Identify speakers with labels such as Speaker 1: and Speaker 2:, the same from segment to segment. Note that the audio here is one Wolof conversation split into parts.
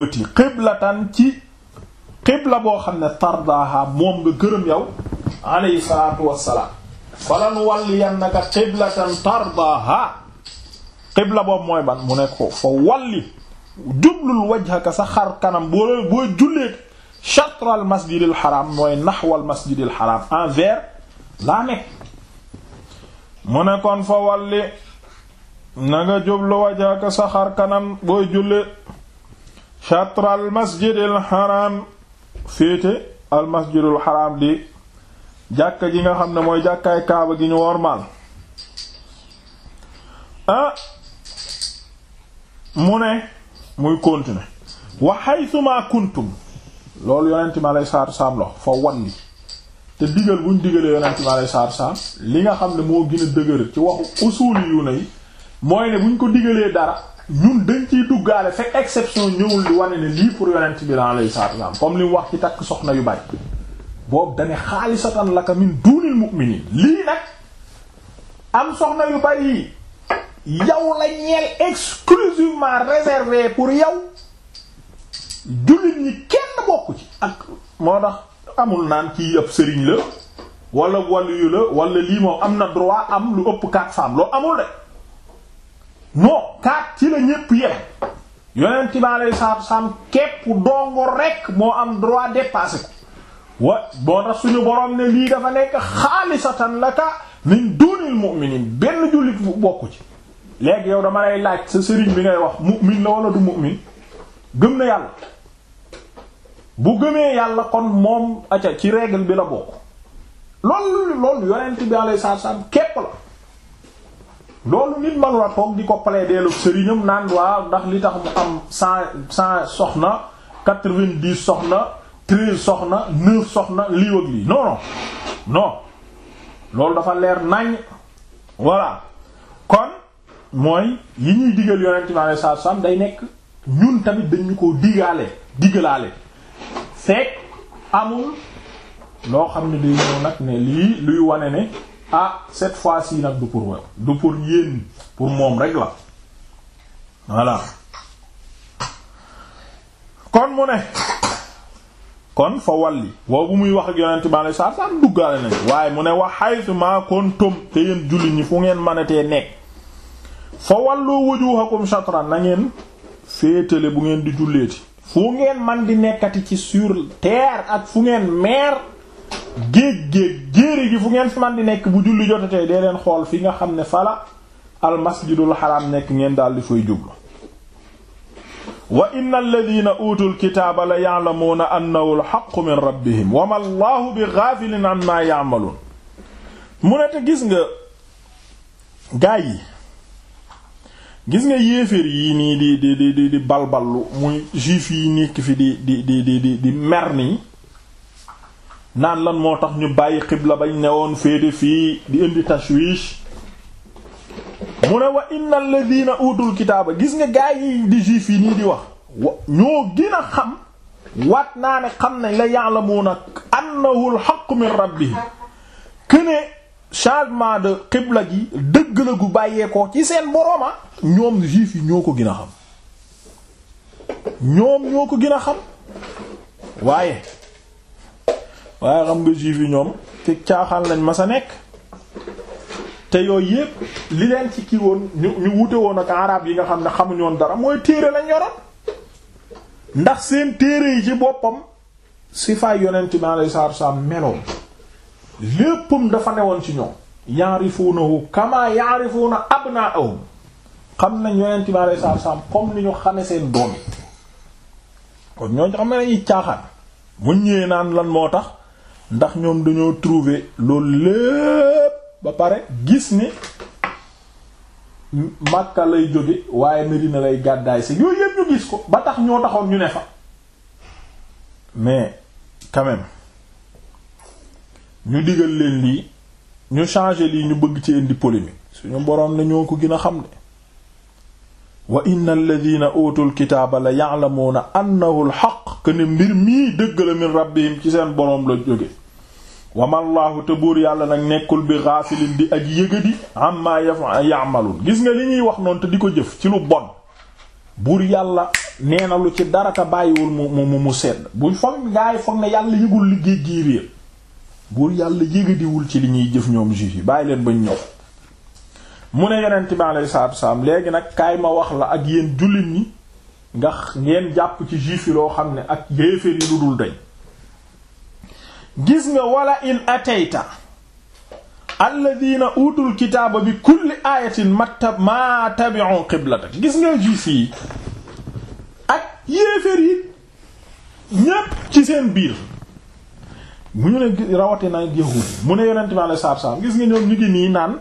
Speaker 1: wëti qiblatan ci qibla boo xam ne tardaaha moom nga gërëm yow alayhi salaatu wassalaam falan walliyannaka qiblatan tardaaha qibla boobu mooy ban mu ne ko fa walli jublul wajhaka sa xar kanam boo boo jullee shatral masjidil haram mooy naxwal masjidil haram envers laa nekk mu ne walli na jublu wajhaka sa xar kanam jullee chatre al masjidil haram féete al masjidul haram di jàkka ji nga xam ne mooy jàkkaay kaaba gi ñu wormaal ah mu ne muy continuer wa haythuma kuntum loolu yonente mi alay saatu saam lox fa wanni te digal buñ digalee yonente mi alay saatu saam li nga xam ne moo gën a ci waxu usuuli yu ne yi mooy ne buñ ko digalee dara ñun dañ ciy duggaale fekk exception ñëwul li wane ne lii pour yonent bi alayhi salaatu wa salaam comme li mu wax ci takk soxna yu bari boobu dane xaalisatan laka min duunil mu'miniin lii nag am soxna yu bari yi yow la ñeel exclusivement réservé pour yow jullit ñi kenn bokk ci ak moo tax amul naan ci ab sëriñ la wala wàllu lii moom am na droit am lu ëpp quatre femmes loo amul de non kaat ci la ñépp yem yonent bi aleyhi salaatu salaam képp dongo rek moo am droit dépasser ko wa boo tax suñu borom ne lii dafa nekk xaalisatan laka min duunil mu'minin benn jullit bu bokku ci léegi yow dama lay laaj sa sëriñ bi ngay wax mu'min la wala du mu'min gëm na yàlla bu gëmee yàlla kon moom aca ci règle bi la bokk loolu loolu yonent bi aleyhi salaatu salaam képp la loolu nit manula toog di ko plaider lu sëriñam naan waa ndax li tax mu am cent cent soxna quatre-vingt-dix soxna treize soxna neuf soxna lii wëg lii non non loolu dafa leer nañ voilà kon mooy yi ñuy digal yonent bi alayhi salaatu salaam day nekk ñun tamit dañu ko digaale digalaale fekk amul loo xam ne day ñëw nag ne lii luy wane ne ah cette fois-ci nag du pour wow du pour yéen pour moom rek la voilà kon mu ne kon fa walli boobu muy wax ak yonente bi alei satu salaam duggaale nañ waaye mu ne wa haythu kon kuntum te yéen jullit ñi fu ngeen mënatee nekk fa wallu wujuhakum shatran na ngeen féetale bu ngeen di julleeti fu ngeen man di nekkati ci sur terre ak fu ngeen mer géej géej jéeri gi fu ngeen fi man di nekk bu julli jotatee dee leen xool fi nga xam ne fala almasjidul xaraam nekk ngeen daal di fay jublu wa inna alladina utul kitaaba la ya'lamuuna annahu alhaqqu min rabbihim wa ma allahu bi ghafilin amma ya'malun mun ne te gis nga gaay yi gis nga yéeféer yi nii di di di di muy juif yi nekk fi di di di di mer nii naan lan moo tax ñu bàyyi xibla bañ newoon féete fii di indi tashwish mu ne wa innal ladina utul kitaaba gis nga gaa yi di juif yi nii di wax ñoo gën a xam waat naa ne xam nañ la ya'lamuna annahu al-haqqu min rabbih këne changement de xibla gi dëgg la gu bàyyeekoo ci seen borooma ñoom juif yi ñoo ko gën a xam ñoom ñoo ko gën a xam waaye waaye xam nga juif ñoom ci caaxaan lañ ma sa nekk te yooyu yépp li leen ci kii woon ñu ñu wute woon ak arab yi nga xam ne xamuñu dara mooy téere lañ yoroon ndax seen téere yi ci boppam si fay yonent bi alayhi salaatu wassalaam meloon léppam dafa newoon ci ñoom ya'rifuunahu kamaa ya'rifuuna abnaa'ahum xam nañ yonent bi alayhi salaatu wassalaam comme ni ñu xame seen doom yi kon ñooñu xam ne dañuy caaxaan mu ñëwee naan lan moo tax ndax ñoom dañoo trouver loolu lépp ba pare gis ni Makka lay jóge waaye Medina lay gàddaay si yooyu yëpp ñu gis ko ba tax ñoo taxoon ñu ne fa mais quand ñu digal leen lii ñu changer lii ñu bëgg ci indi polémique suñu boroom ne ñoo ko gën a xam de wa inna alladhina utul kitaaba la ya'lamuna a al-haqq que ne mbir mii dëgg la min rabbihim ci seen boroom la jóge wamallaahu te buur yàlla nag nekkul bi gaafilin di ak yëgadi amma ya'malun gis nga li ñuy wax noonu te di ko jëf ci lu bon buur yàlla nee na lu ci dara te bàyyiwul mu mu mu sedd bu foog gaa yi foog ne yàlla yëgul liggéey gii réer buur yàlla yëgadiwul ci li ñuy jëf ñoom juif yi bàyyi leen bañ ñëw mu ne yonent bi alayhi salaatu léegi nag kaay ma wax la ak yéen jullit ñi ndax ngeen jàpp ci juif yi loo xam ne ak yéeféer yi lu dul doy gis nga wala in ateyta alladina utul kitaaba bi kulli ayatin matta ma tabi'u qiblatak gis nga juif yi ak yéeféer yi ñépp ci seen biir mu ñu ne gi yahud mu ne yonent bi alayhi salaam gis nga ñoom ñu nii naan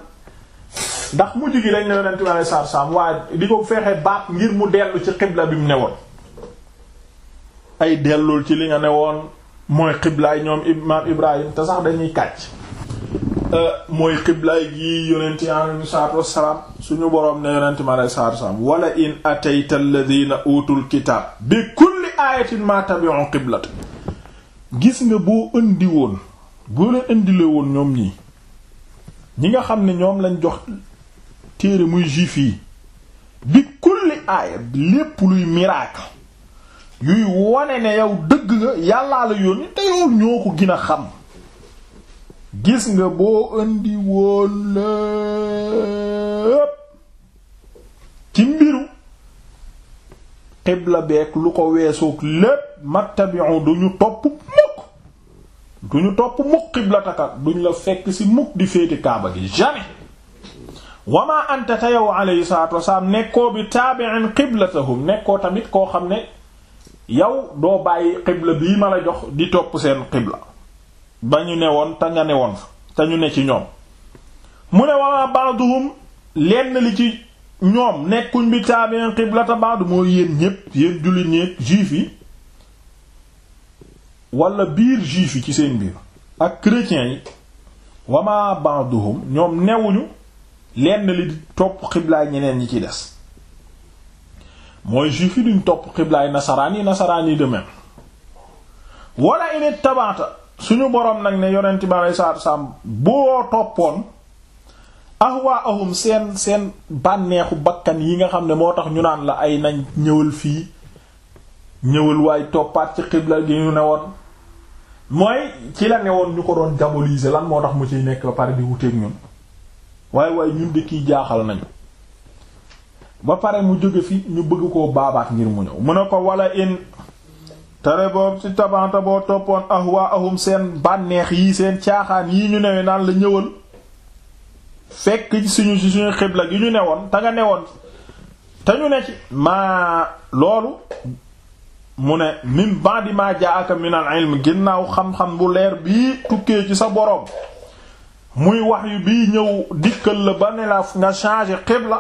Speaker 1: ndax mujj gi dañ ne yonent bi alei satu salaam waaye di ko fexe baat ngir mu dellu ci xibla bi mu newoon ay dellul ci li nga ne woon mooy xiblaay ñoom imaam Ibrahim te sax dañuy kàcc euh, mooy xiblaay gi yonent yi alayhi salaatu wassalaam suñu boroom ne yonent mi wala in atayta utul kitaab bi kulli ayatin ma tabi'u qiblatak gis nga boo indi woon boo leen indile woon ñoom ñii ñi nga xam ne ñoom lañ jox téere muy juif yi bi kulli aaya lépp luy miracle yuy wone ne yow dëgg nga yàllaa la yónni te yow ñoo ko gën a xam gis nga boo indi woon lépp ci mbiru xibla beek lu ko weesoog lépp mattabi'u duñu topp mukk du ñu topp mukk qiblataka duñ la fekk si mukk di féete kaaba gi jamais wamaa anta te yow alayhi salatu wasalaam nekkoo bi taabi'in qiblatahum nekkoo tamit koo xam ne yow doo bàyyi qibla bii ma la jox di topp seen qibla ba ñu ne woon te nga ne woon fa te ñu ne ci ñoom mu ne wamaa ba'duhum lenn li ci ñoom nekkuñ bi taabi'in qiblata ba'd moo yéen ñépp yéen jullit ñépp juif yi wala biir juif yi ci seen biir ak chrétiens yi wama ba'duhum ñoom newuñu lenn li di topp xiblaay ñeneen ñi ci des mooy juif yi duñ topp xiblaay nasaraan yi nasaraan yi de même init tabaata suñu boroom nag ne yonent bi alei salatu salaam boo toppoon ahwa ahum seen seen bànneexu bakkan yi nga xam ne moo tax ñu naan la ay nañ ñëwal fii ñëwal waay toppaat ci xibla gi ñu ne woon mooy ci la ne woon ñu ko doon diaboliser lan moo tax mu ciy nekk ba pare di wuteeg ñun waaye waaye ñun de jaaxal nañu ba pare mu jóge fi ñu bëgg koo baabaat ngir mu ñëw mu ne ko wala in tere boobu ci tabanta boo toppoon ahwa ahum seen bànneex yi seen caaxaan yi ñu ne naan la ñëwal fekk suñu si suñu xibla gi ñu newoon te nga newoon te ñu ne ci maa loolu mu ne min ba'di ma jaaka min al ilm ginnaaw xam-xam bu leer bii tukkee ci sa boroom muy wax yu bii ñëw dikkal la ba ne la nga changer xibla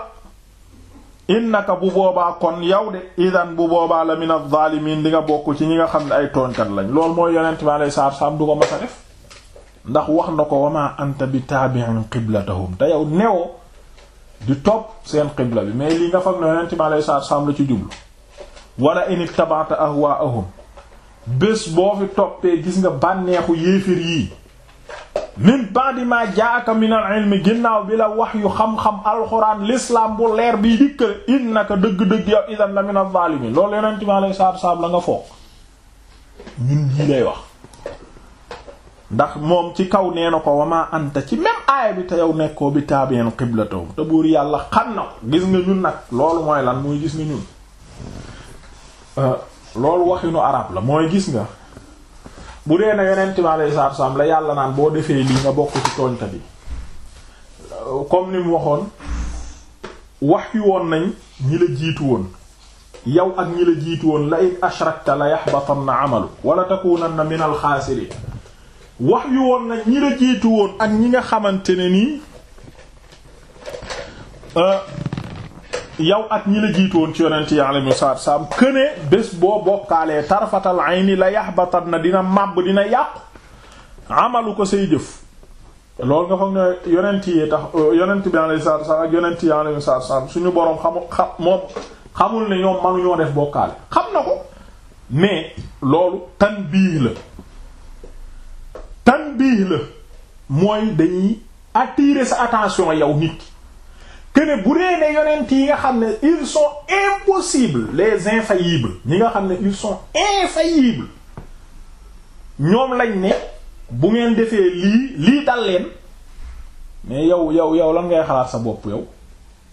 Speaker 1: innaka bu boobaa kon yow de idan bu boobaa la min az-zalimin di nga bokk ci ñi nga xam ne ay tooñkat lañ loolu mooy yonent bi alayhi salaatu salaam du ko mas a def ndax wax na ko wama ant bi tabi'in qiblatahum te yow newoo di topp seen xibla bi mais li nga fag ne yonent bi alayhi salaatu salaam la ci jublu wala in ittabaata ahwaahum bés boo fi toppee gis nga bànneexu yéefér yii min ba'di ma jaaka min al ilmi ginnaaw bi la wax yu xam-xam alxuraan l'islam bu leer bi dikkale innaka dëgg-dëgg yow idan la min az-zalimin loolu yonent bi alayhi salaatu salaam la nga foog ñun yii lay wax ndax moom ci kaw nee na ko wama anta ci même aaya bi te yow nekkoo bi taabeen qiblatahum te buur yàlla xam na gis nga ñun nag loolu mooy lan muy gis nga ñun Euh, loolu waxinu araab la mooy gis nga bu dee na yonent mi alayhi salaatu salaam la yàlla naan boo defee lii nga bokk ci tooñkat yi euh, comme ni mu waxoon wax yu woon nañ ñi la jiitu woon yow ak ñi la jiitu woon la in ashrakta la yaxbatanna amalu wala takunanna min al xaasiriin wax yu woon nañ ñi la jiitu woon ak ñi nga xamante ne nii euh, yow at ñi la jiitoon ci yonent yi alayhi salaatu salaam këne bés boo bokkaalee tarfatal ayni la yaxbatat na dina màbb dina yàqu amalu ko say jëf loolu nga foog ne yonent yi tax yonent bi alayhi salaatu salaam ak yonent yi alayhi salaatu salaam suñu boroom xamul xam moom xamul ne ñoom manu ñoo def bokkaale xam na ko mais loolu tanbiih la tanbiih la mooy dañuy attirer sa attention yow nit que ne bu dee ne yonent yi nga xam ne ils sont impossibles les infaillibles ñi nga xam ne ils sont infaillibles ñoom lañ ne bu ngeen defee lii lii dal leen mais yow yow yow lan ngay xalaat sa bopp yow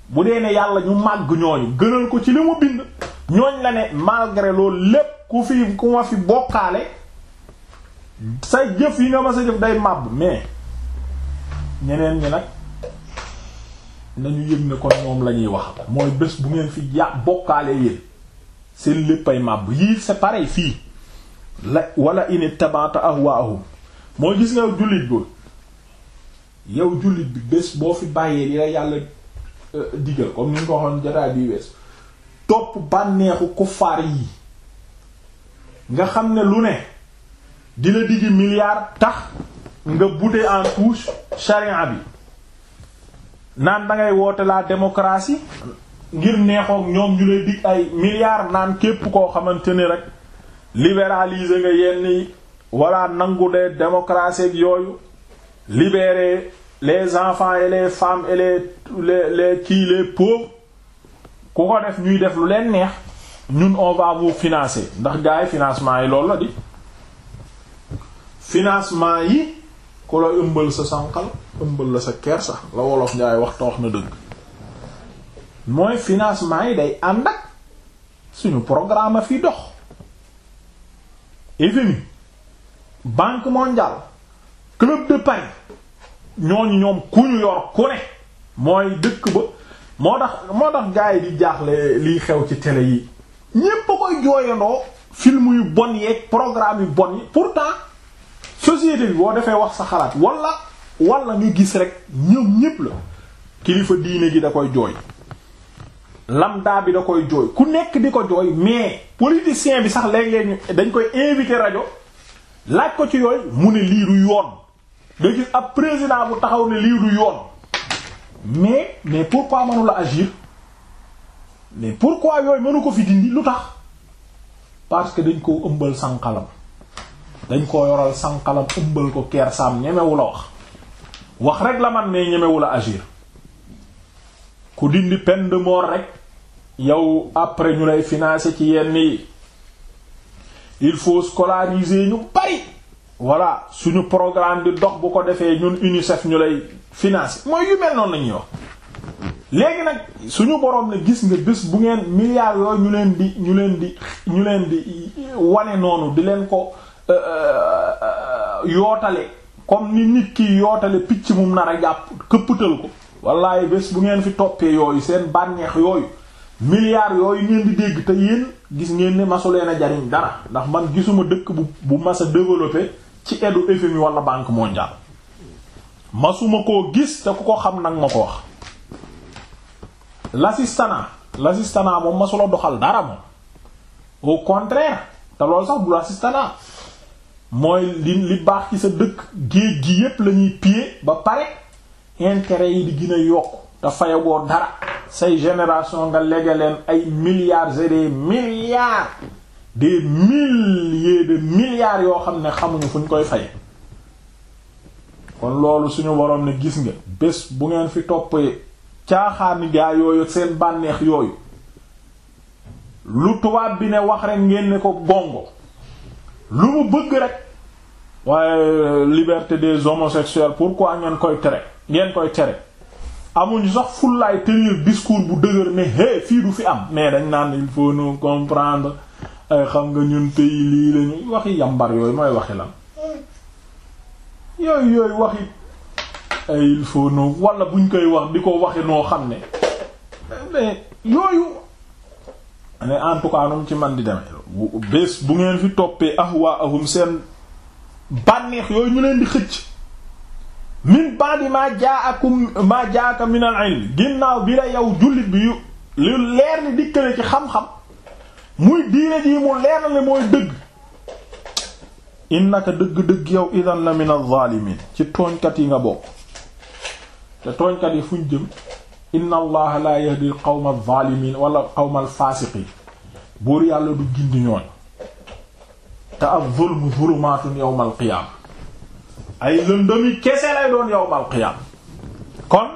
Speaker 1: bu dee ne yàlla ñu màgg ñooñu gënal ko ci li mu bind ñooñ la ne malgré loolu lépp ku fi ku ma fi bokkaale sa jëf yi nga ma sa jëf day màbb mais ñeneen ñi nag nañu yëg ne kon ñoom la wax mooy bés bu ngeen fi ya bokkaale yéen seen léppay màbb yii c'est pareil fii la wala ini tabaata ahwaahum mooy gis nga jullit bu yow jullit bi bés boo fi bàyyee li yàlla euh, digal comme ni ñu ko waxoon jotaay bi wees topp bànneexu kuffaar yi nga xam ne lu ne di la digi milliard tax nga bouder en touche charia bi naan da ngay woote la démocratie ngir neexook ñoom ñu lay dig ay milliards naan képp koo xamante ni rek libéraliser nga yenn yi walla nangu dee démocratie ak yooyu libérer les enfants et les femmes et les les les kii les pauvres ku ko def ñuy def lu leen neex ñun on va vous financer ndax gars yi financement yi loolu la di financement yi ku la ëmbal sa sànqal ëmbal la sa kersa la wolof njaay wax te wax na dëgg mooy financement yi day ànd ak suñu programme fi dox FMI banque mondiale club de Paris ñooñu ñoom ku ñu yor ku ne mooy dëkk ba moo tax moo tax gars di jaaxle liy xew ci télé yi ñépp a koy jooyandoo film yu bon yeeg programme yu bon yi pourtant société bi boo defee wax sa xalaat wala wala ñu gis rek ñoom ñépp la kilifa diine gi da koy jooy lambda bi da koy jooy ku nekk di ko jooy mais politicien bi sax léeg-léeg dañ koy invité rajo laaj ko ci yooy mu ne lii du yoon nga gis ab président bu taxaw ne lii du yoon mais mais pourquoi mënu la agir mais pourquoi yooyu mënu ko fi dindi lu tax parce que dañ ko ëmbal sànqalam dañ koo yoral sànqalam ëmbal ko keer saam ñemewu la wax wax rek la man ne ñemewula agir ku dindi peine rek yow après ñu lay financé ci yenn yi il faut scolariser ñu bari voilà suñu programme di dox bu ko defee ñun UNICEF ñu lay financer mooy yu mel noonu la ñuy wax léegi nag suñu boroom ne gis nga bis bu ngeen milliards yooyu ñu leen di ñu leen di ñu leen di wane noonu di leen ko euh, euh, euh, yootale comme ni nit ki yootale picc mum nar a jàpp këpptal ko wallaay bés bu ngeen fi toppee yooyu seen bànneex yooyu milliards yooyu ngeen di dégg te yéen gis ngeen ne masu a jariñ dara ndax man gisuma dëkk bu bu mas a développé ci edu FMI wala banque mondiale masuma koo gis te ku ko xam nag ma ko wax l'assistanat l'assistanat moom masula doxal dara moom au contraire te loolu sax bu l'assistanat mooy li li baax ci sa dëkk géej gi yépp lañuy ñuy ba pare intérêt yi di gën yokk te fayagoo dara say génération nga léegi ay milliards et des milliards des de milliards yoo xam ne xamuñu fu ñu koy fay kon loolu suñu waroon ne gis nga bés bu ngeen fi toppee caaxaani gaa yooyu seen bànneex yooyu lu tubaab bi ne wax rek ngeen ne ko gongo lu mu bëgg rek waaye euh, liberté des homosexuels pourquoi ngeen koy tere ngeen koy tere amuñ sax fullaay tenir discours bu dëgër ne hé fii du fi am mais dañ naan il faut nous comprendre ay xam nga ñun pays lii lañu waxi yambar yooyu mooy waxi lan yooyu yooyu waxi ay il faut nous wala buñ koy wax di ko waxi noo xam ne mais yooyu mais en tout cas nu ci man di demee bés bu ngeen fi toppee ahwaahum seen bànneex yooyu ñu leen di xëcc min ba'di maa jaa'akum maa jaa'aka min al-ilm ginnaaw bi la yow jullit bi yu lu leer ni dikkale ci xam-xam muy diine ji mu leer na le mooy dëgg innaka dëgg-dëgg yow idan la min az-zalimin ci tooñkat yi nga bokk te tooñkat yi fuñ jëm inna allaha la yahdi al-qawma wala qawma al-fasiqin buur yàlla du gindi ñooñ te ak zulmu zulumaatun yawmal qiyaam ay lëndëmi kese lay doon yawmal qiyaam kon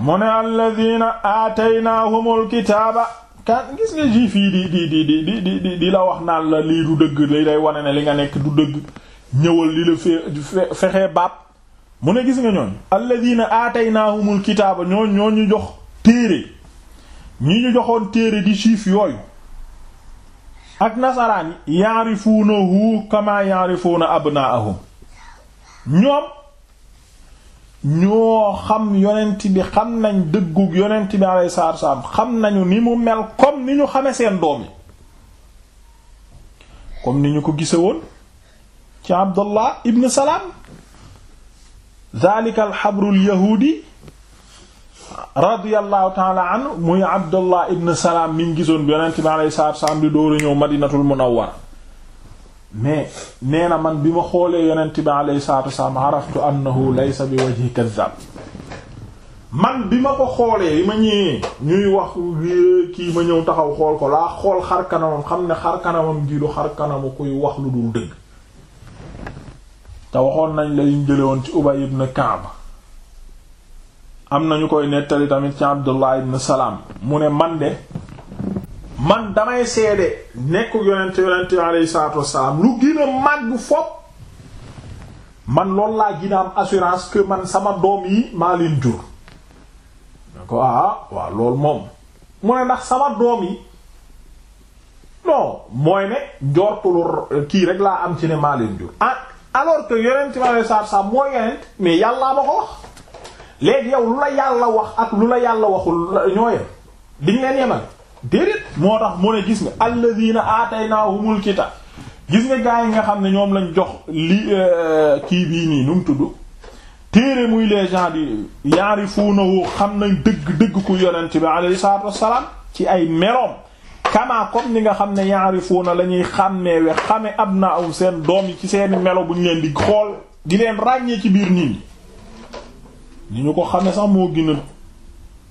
Speaker 1: mu ne alladina aataynaahumul kitaaba kan gis nga juif yi di di di di di di di la wax naan la lii du dëgg lii day wane ne li nga nekk du dëgg ñëwal li la fe fexe baab mu ne gis nga ñooñ alladina aataynaahumul kitaaba ñooñ ñoo ñu jox téere ñi ñu joxoon téere di juif yooyu ak nasaraan yi yaarifuunahu kama yaarifuuna abnaahum ñoom ñoo xam yonent bi xam nañ dëggu yonent bi alayhi xam nañu ni mu mel comme ni ñu xame seen doom yi ni ñu ko gise woon ci abdullah ibn salaam dhalika alxabrul yahuudi radiyallahu taala anhu muy abdullah ibn salaam mi ngi gisoon bi yonent bi alayhi salaatu salaam di dóoru ñëw madinatul munawwar mais nee na man bi ma xoolee yonent bi alayhi salaatu salaam araftu annahu laysa bi wajhi kadhab man bi ma ko xoolee yi ma ñëwee ñuy wax kii ma ñëw taxaw xool ko laa xool xar kanamam xam ne xar kanamam gi lu xar kuy wax lu dul dëgg te waxoon nañ la ñu jële woon ci Ubay ibn Ka'b am nañu koy nettali tamit ci Abdullah ibn Salaam mu ne man de man damay seede nekk yonent yonent alayhi salaatu wassalaam lu gën a màgg fopp man loolu laa gën am assurance que man sama doom yi maa leen jur ne ko ah waaw loolu moom mu ne ndax sama doom yi non mooy ne njortulu kii rek laa am ci ne maa leen jur ah alors que yonent alayhi salaatu wassalaam mooy yonent mais yàllaa ma ko wax léegi yow lu la yàlla wax ak lu la yàlla waxul ñoo yem diñ leen yemal déedéet moo tax mu ne gis nga alladina aataynahumul kitab gis nga gaa yi nga xam ne ñoom lañu jox li euh, kii bii nii nu mu tudd téere muy les gens di xam nañ dëgg dëgg ku yonent bi alayhi salaatu wassalaam ci ay meroom kama comme ni nga xam ne yaarifuuna la ñuy xàmmeewe xame abnaahum seen doom yi ci seen melo bu ñu leen di xool di leen ràññee ci biir nii ñi ni ñu ko xam xame sax moo gën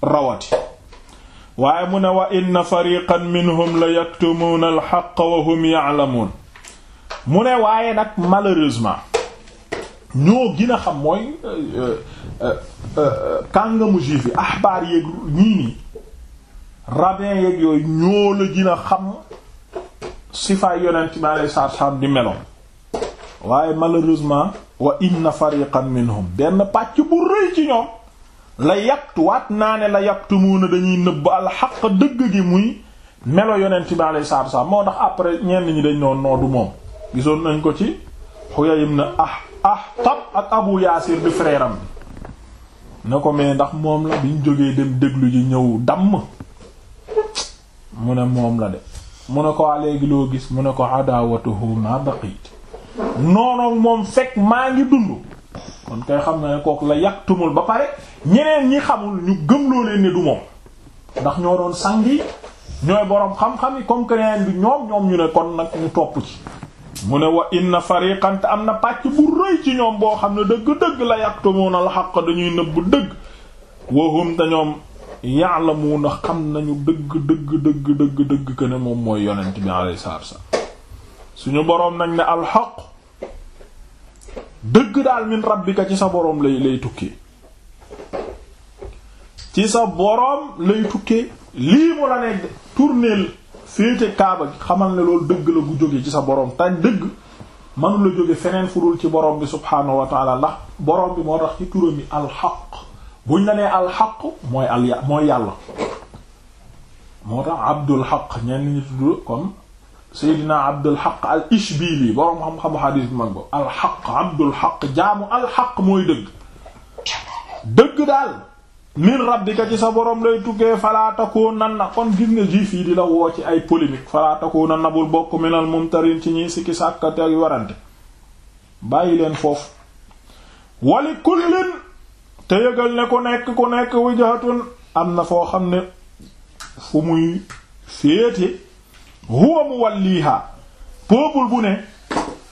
Speaker 1: rawati waaye mu ne wa inna fariqan la yaktumuuna alxaq wa hum ya'lamuun mu ne waaye nag malheureusement ñoo gën xam mooy euh, euh, euh, kàngamu juif yi ahbaar yeeg ñii nii rabbin yeeg yooyu ñoo la gën xam sifaay yonent bi alayhi salaatu wa di meloon waaye malheureusement wa inna fariqan minhum benn pàcc bu rëy ci ñoom la yaktu waat naa ne la na dañuy nëbb alxaq dëgg gi muy melo yonent bi alayhi salaatu wasallam moo tax après ñenn ñi dañ noon noodu moom gisoon nañ ko ci Huyay na ah ah tab ak Abu Yaasir di frère am ne ko mais ndax moom la biñ jógee dem déglu yi ñëw damm mu ne moom la de mu ne ko léegi loo gis mu ne ko adawatuhu ma baqit noonoog moom fekk maa ngi dund kon koy xam na ne kook la yàqtumul ba pare ñeneen ñi xamul ñu gëmloo leen ne du moom ndax ñoo doon sang yi ñooy boroom xam-xam yi comme que bi ñoom ñoom ñu ne kon nag ñu topp ci mu ne wa inna fariqan am na pàcc bu rëy ci ñoom boo xam ne dëgg-dëgg la na la haqq dañuy nëbb dëgg wa hum te ñoom ya'lamuna xam nañu dëgg dëgg dëgg dëgg dëgg ne moom mooy yonent bi alayhi salaatu wasallam suñu boroom nag ne al dëgg daal min rabbika ci sa boroom lay lay tukkee ci sa boroom lay tukkee lii mu la ne tourneel féete kaaba gi xamal ne loolu dëgg la bu jóge ci sa boroom tañ dëgg manu la jóge feneen fu ci boroom bi subhaanahu wa taala ndax boroom bi moo tax ci turam yi alxaq buñ la nee alxaq mooy al mooy yàlla moo tax abdul xaq ñenn ñi tudd comme Seydina Abdul Haq al Ishbili borom xam-xamu xadiis bi mag al Haq Abdul Haq jaamu al Haq mooy dëgg dëgg daal min rabbika ci sa boroom lay tukkee falaatakoo takuunanna kon di la ci ay polémique falaa takuunanna bul bokk ci ñiy sikki sàkkate foofu wali am na foo xam ne fu muy féete huwa muwalliha peuple bu ne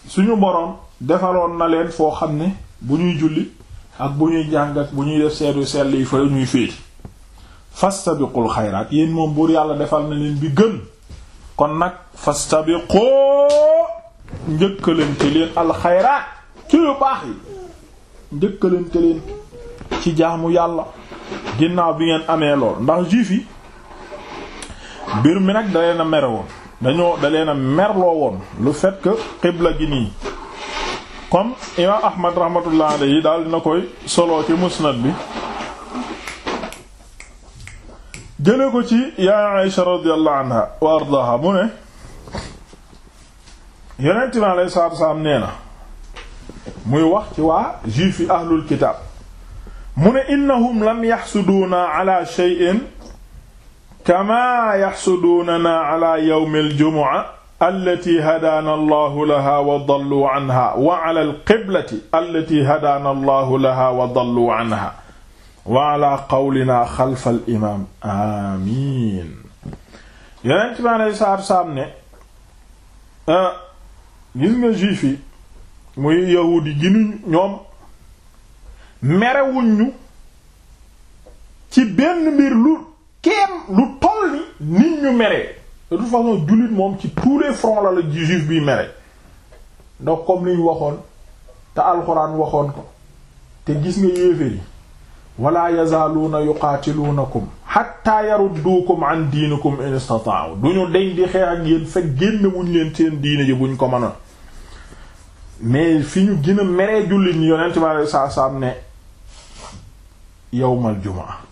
Speaker 1: suñu boroom defaloon na leen foo xam ne bu ñuy julli ak bu ñuy jàngat bu ñuy def seetu sell yi fa ñuy féeti fastabiqul xayraat yéen moom buur yàlla defal na leen bi gën kon nag fastabiqoo njëkkalante leen alxayraat ci yu baax yi njëkkalante leen ci jaamu yàlla ginnaaw bi ngeen amee lool ndax juif yi mbir mi nag da na a dañoo da leen merloo woon lu fait que xibla gi nii comme imaam ahmad rahmatullah alayhi daal dina koy solo ci musnad bi jële ko ci yaa Aysha radiyallahu anha wa ardaha mu ne yonent bi alayhi salaatu wasalaam nee na muy wax ci waa juif yi ahlul kitaab mu ne innahum lam yaxsuduuna ala shay'in kamaa yaxsuduunana ala yawmi aljumuca allati hadaana allahu laha wa dallu anha wa ala alqiblati allati hadaana allahu laha wa dallu anha wa ala qawlina xalfa alimaam amiin yonent bi aleyhi salaatu salaam ne ah, gis nga juif yi muy yahuudi ginuñ ñoom merewuñ ñu ci benn mbir lu kéem lu toll ni nit ñu meree de toute façon jullit moom ci tous les fronts la la juif bi mere ndax comme liñ waxoon te alxuraan waxoon ko te gis nga yéeféer yi wala yazaaluuna yuqaatiluunakum xatta yarudduukum an diinikum in istataaw duñu deñ di xeex ak yéen fekk génn wuñ leen seen diine ji buñ ko mënoon mais fi ñu gën a meree jullit ñi yonent bi alei saatu ne yawmal jumaa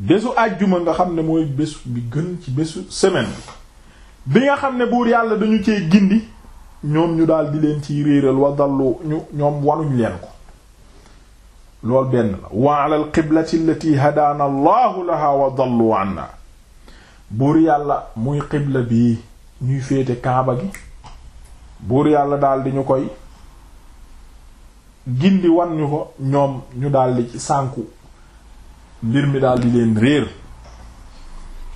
Speaker 1: bésu àjjuma nga xam ne mooy bés bi gën ci bésu semaine bi nga xam ne buur yàlla dañu ci gindi ñoom ñu daal leen ciy réeral wa dallu ñu ñoom wanuñ leen ko lool benn la wa ala al qiblati allati anna buur yàlla muy qibla bi ñuy féete kaaba gi buur yàlla daal di ñu koy gindi wan ñu ko ñoom ñu daldi ci sànku mbir mi daal di leen réer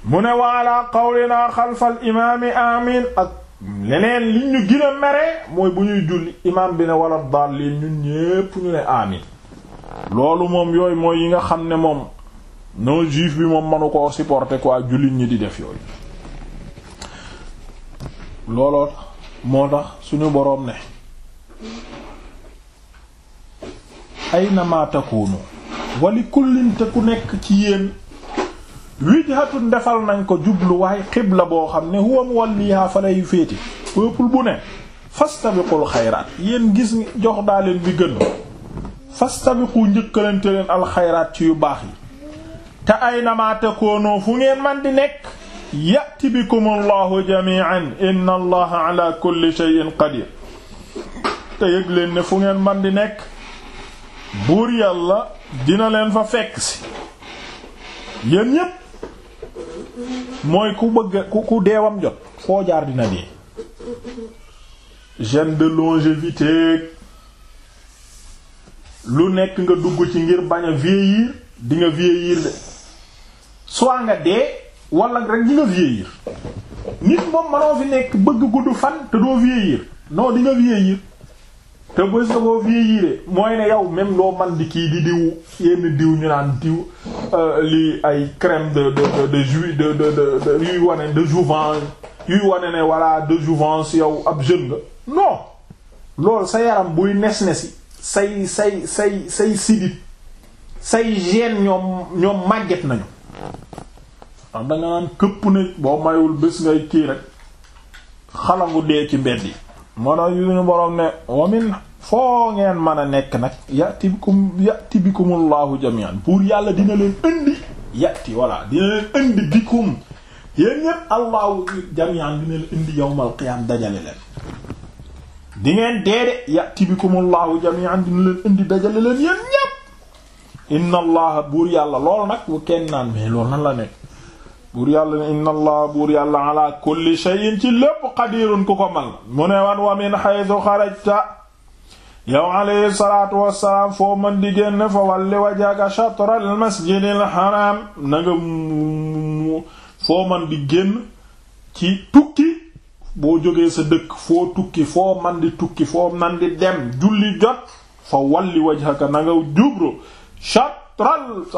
Speaker 1: mu ne waalaa qawlinaa xalfal imaami amin ak leneen li ñu gën mere mooy bu ñuy julli imaam bi ne wala daal leen ñun ñépp ñu ne amin loolu moom yooyu mooy yi nga xam ne moom non juif bi moom mënu koo supporter quoi jullit ñi di def yooyu looloo moo tax suñu boroom ne ay na ma takunu wali kullin te ku nekk ci yéen wijhatun defal nañ ko jubluwaay xibla boo xam ne huwa muwalliha fa lay féete peuple bu ne fastabiqul xayraat yéen gis jox daa leen bi gën fastabiqu njëkkalante leen alxayraat ci yu baax yi te aynama takoonoo fu ngeen man di nekk ya'ti bikumullahu jami'an inna allaha ala kulli shay'in qadir te yëg leen fu ngeen man di nekk buur yàlla dina leen fa fekk si yéen ñépp mooy ku bëgg ku ku deewam jot foo jaar dina dee gène de longévité lu nekk nga dugg ci ngir bañ a vieillir di nga vieillir de soit nga dee wala rek di nga nit moom manoo fi nekk bëgg gudd fan te doo vieillir non di nga te bës na koo fii yii de mooy ne yow même loo man di kii di diw yenn diw ñu naan diw euh, lii ay crème de de de de de de yuy wane de jouvence yuy wane ne voilà de jouvence yow ab jeune nga non loolu sa yaram buy nes-nesi say say say say sidit say gène ñoom ñoom màgget nañu ndax danga naan këpp na boo mayul bés ngay kii rek xalangu dee ci mbedd yi moo tax yu ñu boroom ne wamin foo ngeen mën a nekk nag yati bikum yati bikumullahu jami'an buur yàlla dina leen indi yati walla dina leen indi bikum yéen ñépp allahu jami'an dina leen indi yawmal qiyam dajale leen di ngeen deede yati bikumullahu jami'an dina leen indi dajale leen yéen ñépp inna allaha buur yàlla lool nag bu kenn naan mais loolu nan la nekk buur yàlla ne inna allah buur yàlla ala kulli shay'in ci lépp qadirun ku ko man mu ne wan wa min haythu kharajta yow alayhi salaatu wassalaam foo mën di génn fa walli wajhaka shatral masjidil haram na nga foo mën di génn ci tukki boo jógee sa dëkk foo tukki foo man di tukki foo man di dem julli jot fa walli wajhaka na nga jubru sa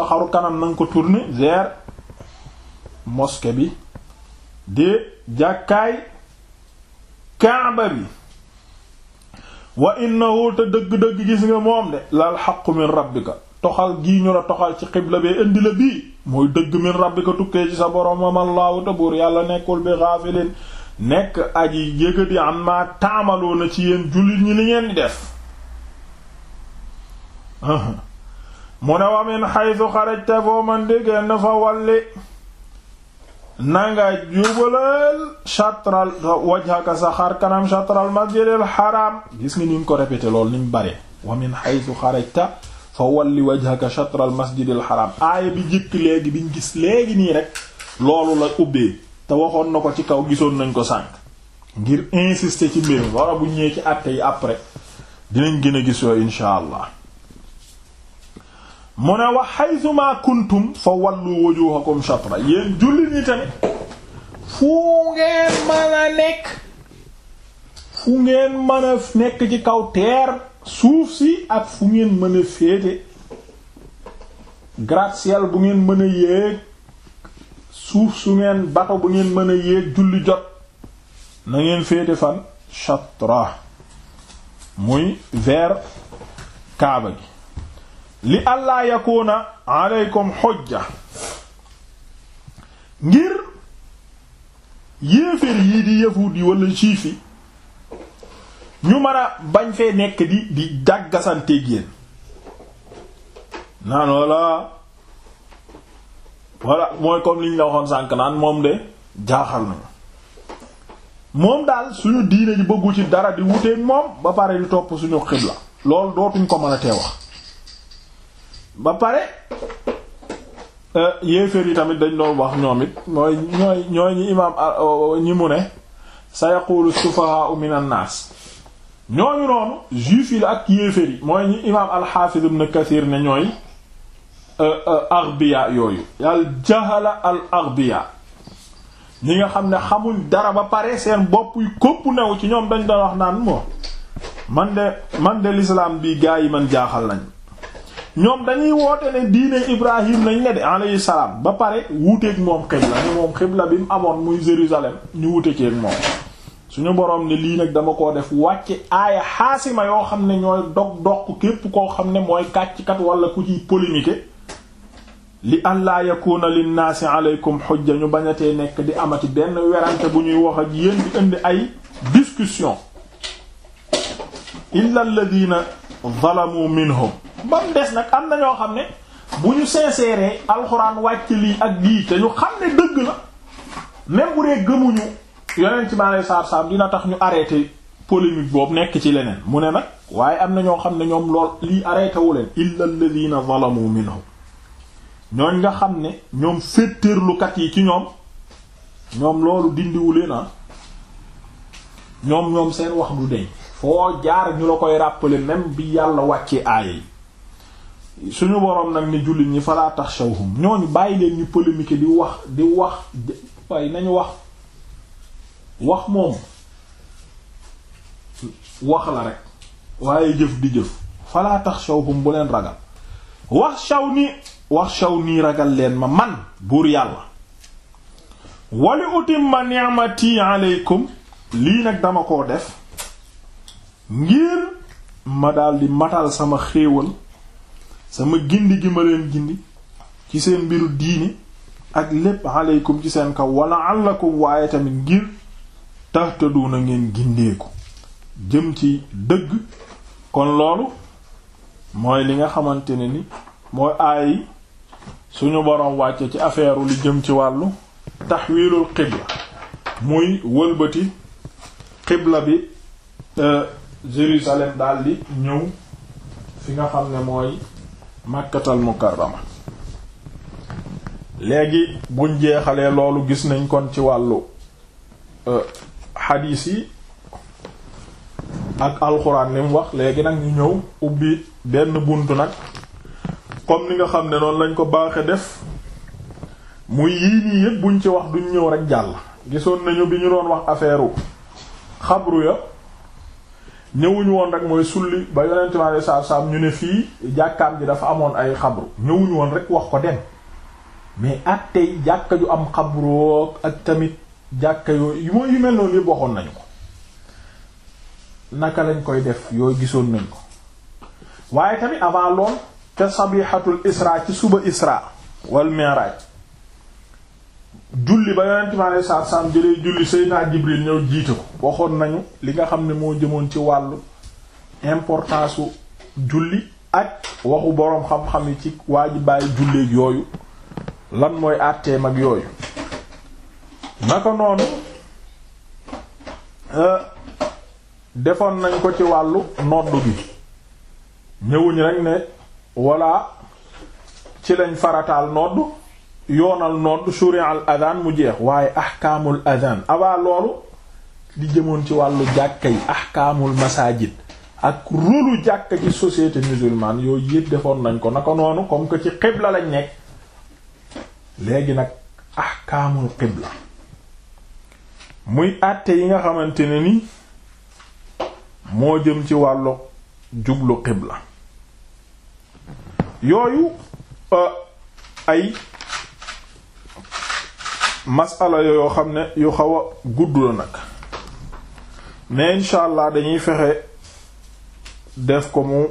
Speaker 1: xaru kanam na nga ko tourner vers mosquée bi de jàkkaay kaaba bi wa innahu te dëgg-dëgg gis nga moom de lal xaqu min rabbika toxal gii ñu la toxal ci xibla bee indi la bii mooy dëgg min rabbika tukkee ci sa borom am allahu te buur yàlla nekkul bi xaafilin nekk aji yëga di am maa taamaloo na ci yéen jullit ñi li ngeen def mu ne wa min xaytu xarajta foo man di génn fa walli nanga jubalal shatral wajhaka sa xar kanam shatral masjidil haram gis nga ni mu ko répété loolu ni mu bare wa min haythu kharajta fa walli wajhaka shatral masjidil haram aaya bi njëkk léegi biñ gis léegi nii rek loolu la ubbee te waxoon na ko ci kaw gisoon nañ ko sànq ngir insister ci mbir wara bu ñëwee ci àtte yi après dinañ gën a gis yooyu insha allah mu ne wax haythuma kuntum fa wallu wujuhakum shatra yéen jullit ñi tamit fu a nekk fu ngeen mën nekk ci kaw teer suuf si ak fu ngeen mën a féete gratte bu ngeen mën a yéeg suuf su ngeen bato bu ngeen mën a yéeg julli jot na ngeen féete fan shatra muy vers kaaba gi li allaa yakuuna aleykum xujja ngir yéeféer yii di yahuud yi wala juif yi ñu mën a bañ fee nekk di di jàggasanteeg yéen naan wala wala mooy comme liñ la waxoon sànk naan moom de jaaxal nañu moom daal suñu diine ji bëggu ci dara di wuteeg moom ba pare di topp suñu xibla loolu dootuñ ko mën a tee wax ba pare euh, yéeféer yi tamit dañ doon wax ñoom it mooy ñooy ñooy ñi imaam euh, euh, ñi mu ne sa yaqulu sufahaa'u minan naas ñooñu noonu juif yi la ak yéeféer yi mooy ñi imaam al-Hafiz ibn ne ñooy aghbiya yooyu al jahala al aghbiya ñi nga xam ne xamuñ dara ba pare seen bopp yu këpp ci ñoom dañ doon wax naan moo man de man de l'islam bi gaa yi man jaaxal nañ ñoom dañuy woote ne diine Ibrahim lañ ne de alayhi salaam ba pare wuuteeg moom xibla ni moom xibla bi mu amoon muy Jérusalem ñu wuute ceeg moom suñu boroom ne lii nag dama ko def wàcce aaya xaasima yoo xam ne ñooy dog doq képp koo xam ne mooy kàcckat wala ku ciy polémique li an laa yakuna linnaasi aleykum xujja ñu bañatee nekk di amati benn werante bu ñuy wax ak yéen indi ay discussion illa alladina zalamu minhum ba mu des nag am na ñoo xam ne bu ñu sincère alxuraan wàcc lii ak lii te ñu xam ne dëgg la même bu dee gëmuñu yeneen ci maanaam saab saab dina tax ñu arrêté polémique boobu nekk ci leneen mu ne nag waaye am na ñoo xam ne ñoom lool lii arrêté wu leen. illa alladhina zalamu minhum ñooñ nga xam ne ñoom féeteerlukat yi ci ñoom ñoom loolu dindiwu leen a ah ñoom ñoom seen wax du deñ foo jaar ñu la koy rappeler même bi yàlla wàccee aaya yi. suñu boroom nag ni jullit ñi falaa taxshawhum ñooñu bàyyi leen ñu polémique di wax di wax waaye nañu wax wax moom wax la rek waaye jëf di jëf falaa taxshawhum bu leen ragal wax shaw nii wax shaw nii ragal leen ma man buur yàlla wali utimma ni'mati aleykum lii nag dama ko def ngir ma daldi matal sama xéewal sama gindi gi ma leen gindi ci seen mbiru diini ak lépp aleykum ci seen kaw wala ko waaye tamit ngir tahtaduna ngeen gindeeku jëm ci dëgg kon loolu mooy li nga xamante ne ni mooy aay suñu boroom wàcce ci affaire li jëm ci wàllu taxwiilul xibla muy wëlbati xibla bi euh, Jérusalem daldi ñëw fi nga xam ne mooy màkkatal mukarrama léegi buñ jeexalee loolu gis nañ kon ci wàllu euh, xadiis yi ak alxuraan li mu wax léegi nag ñu ñëw ubbi benn bunt nag comme ni nga xam ne noonu lañ ko baaxe def muy yii nii yëpp buñ ci wax duñ ñëw rek jàll gisoon nañu bi ñu doon wax affaire xabru ya ñëwuñu woon rek mooy sulli ba yonent bi saam salaatu ñu ne fii jàkkaam ji dafa amoon ay xabru ñëwuñu woon rek wax ko dem mais ak tey jàkka ju am xabru ak tamit jàkka yooyu mooy yu mel noonu yëpp waxoon nañu ko naka lañ koy def yooyu gisoon nañ ko waaye tamit avant lool ca sabihatul isra ci suba isra wal mi'raj julli ba yonent mi alayhi salaatu salaam jëlee julli Seydina Jibril ñëw jiite ko waxoon nañu li nga xam ne moo jëmoon ci wàllu importance su julli ak waxu boroom xam-xam yi ci waa ji bàyyi julleeg yooyu lan mooy àtteem mag yooyu naka noonu euh, defoon nañ ko ci wàllu noddu bi ñëwuñu rek ne walla ci lañ farataal noddu yoonal nodd shuri al adaan mu jeex waaye ahkaamul adaan abaa loolu li jëmoon ci wàllu jàkka yi ahkaamul masajid ak rôlu jàkk ci société musulmane yooyu yëpp defoon nañ ko naka noonu comme que ci xibla lañ nekk léegi nag ahkaamul xibla muy àtte yi nga xamante ne ni moo jëm ci wàllu jublu xibla yooyu euh, ay masala yoo xam ne yu xaw a gudd la nag mais incha allah dañuy fexe def ko mu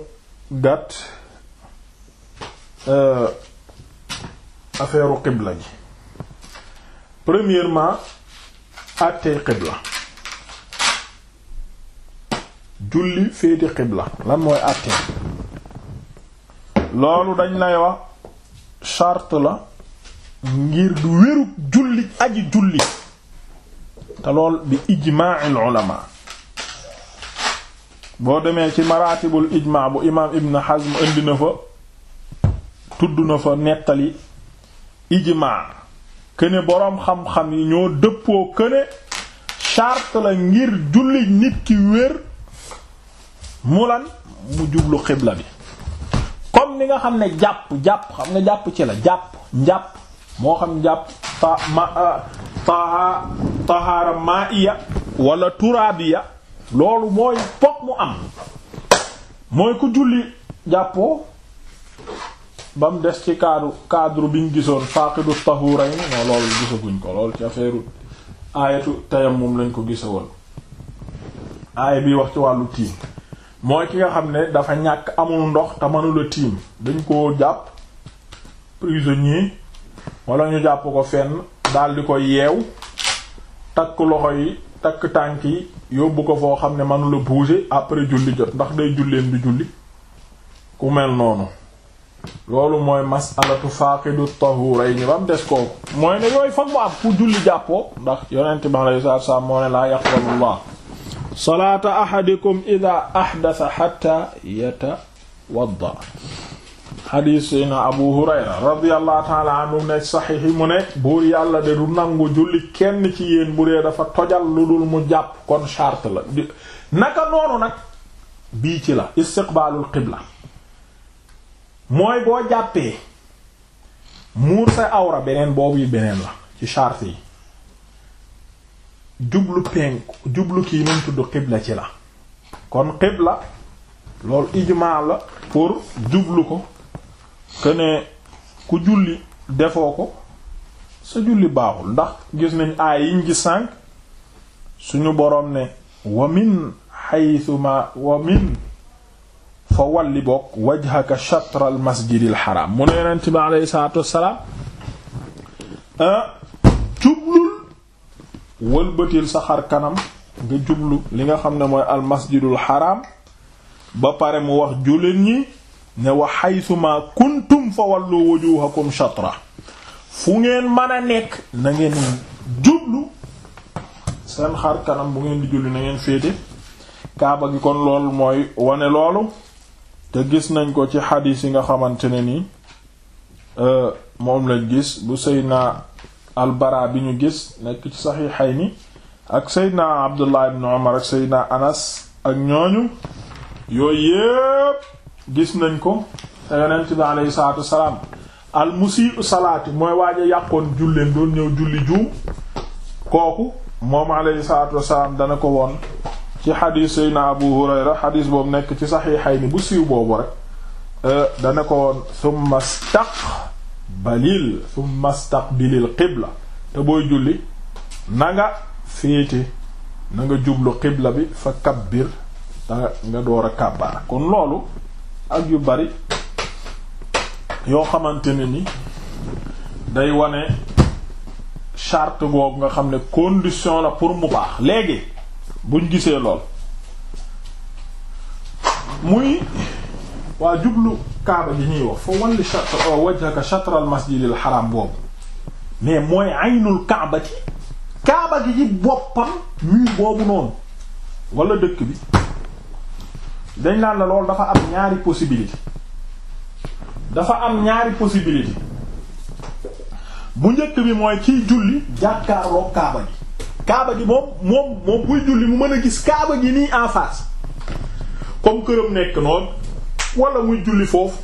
Speaker 1: gàtt euh, affaire u xibla ji premièrement àttee xibla julli féeti xibla lan mooy àttee loolu dañ lay wax charte la ngir du wérug julli aji julli te lool bi ijmaa'il ulama boo demee ci maratibul ijmaa bu imaam ibn Hazm indi na fa tudd na fa nettali ijmaa këne boroom xam-xam yi ñoo dëppoo këne charte la ngir julli nit ki wér mu lan mu jublu xibla bi comme li nga xam ne jàpp jàpp xam nga jàpp ci la jàpp njàpp moo xam jàpp ta ma taha tahaara ma iya wala turaabiya loolu mooy fokk mu am mooy ku julli jàppoo ba mu des ci cadre cadre bi ñu gisoon faaqidu tahuurayn moo loolu gisaguñ ko loolu ci affaire aayatu tayammum lañ ko gisawoon aaya bi wax ci wàllu tiim mooy ki nga xam ne dafa ñàkk amul ndox te mënula tiim dañ koo jàpp prisonnier wala ñu jàpp ko fenn daal di ko yeew takk loxo yi takk tànk yi yóbbu ko foo xam ne manula bouger après julli jot ndax day julleem di julli ku mel noonu loolu mooy masalatu faaqidu tahurayni ba mu des kooku mooy ne yooyu fa mu am ku julli jàppoo ndax yonent bi alayhi salaatu salaam moo ne laa salaata ahadikum ida ahdasa hatta yatawadda xadiis sayna abu hurayra radiallahu taala anhu ne saxiix yi mu ne buur yàlla de du nangu julli kenn ci yéen bu dee dafa tojal lu dul mu jàpp kon charte la naka noonu nag bii ci la istiqbaalul qibla mooy boo jàppee muur sa awra beneen boobu yi beneen la ci charte yi jublu penku jublu kii nun tudd qibla ci la kon qibla loolu ijmaa la pour jublu ko que ku julli defoo ko sa julli baaxul ndax gis nañ aay yiñ gis sànq suñu boroom ne wa min xaytuma wa min fa walli bokk wajhaka shatral masjidil xaram mu ne yonent bi aleyhi salaatu wassalaam ah, jublul wëlbatil sa xar kanam nga jublu li nga xam ne mooy al xaram ba pare mu wax jullit ñi ne wa haythuma kuntum fa wallu wujuhakum shatra fu ngeen mën a nekk na ngeen jublu seen xar kanam bu ngeen di julli na féete kaaba gi kon loolu mooy wane loolu te gis nañ ko ci xadiis yi nga xamante ne nii euh, moom lañ gis bu naa albaraa bi ñu gis nekk ci saxiixayni ak seydna abdullah ibn umar ak seydna anas ak ñooñu yooyu yépp gis nañ ko te yonent bi aleyhi salaatu wasalaam al musii'u salaati mooy waaj a yàqoon julleen doon ñëw julli juum kooku moom aleyhi salaatu wasalaam dana ko woon ci xadiis sayna abu hurayra xadiis boobu nekk ci saxiixayni bu siiw boobu rek eh, dana ko woon summa staqbalil summa staqbilil qibla te booy julli na nga féete na nga jublu qibla bi fa kabbir te nga door a kàbbaar kon loolu ak yu bari yoo xamante ne ni day wane chart boobu nga xam ne condition la pour mu baax léegi buñ gisee lool muy waa jublu kaaba ji ñuy wax fa walli shatr wajhaka shatr al masjidil haram boobu mais mooy aynul kaaba ci kaaba gi ci boppam muy boobu noonu wala dëkk bi dañ laa la lool dafa am ñaari possibilité dafa am ñaari possibilité bu njëkk bi mooy kiy julli jàkkaarloo kaaba gi kaaba gi moom moom moom buy julli mu mën a gis kaaba gi nii en face comme këram nekk noonu walla muy julli foofu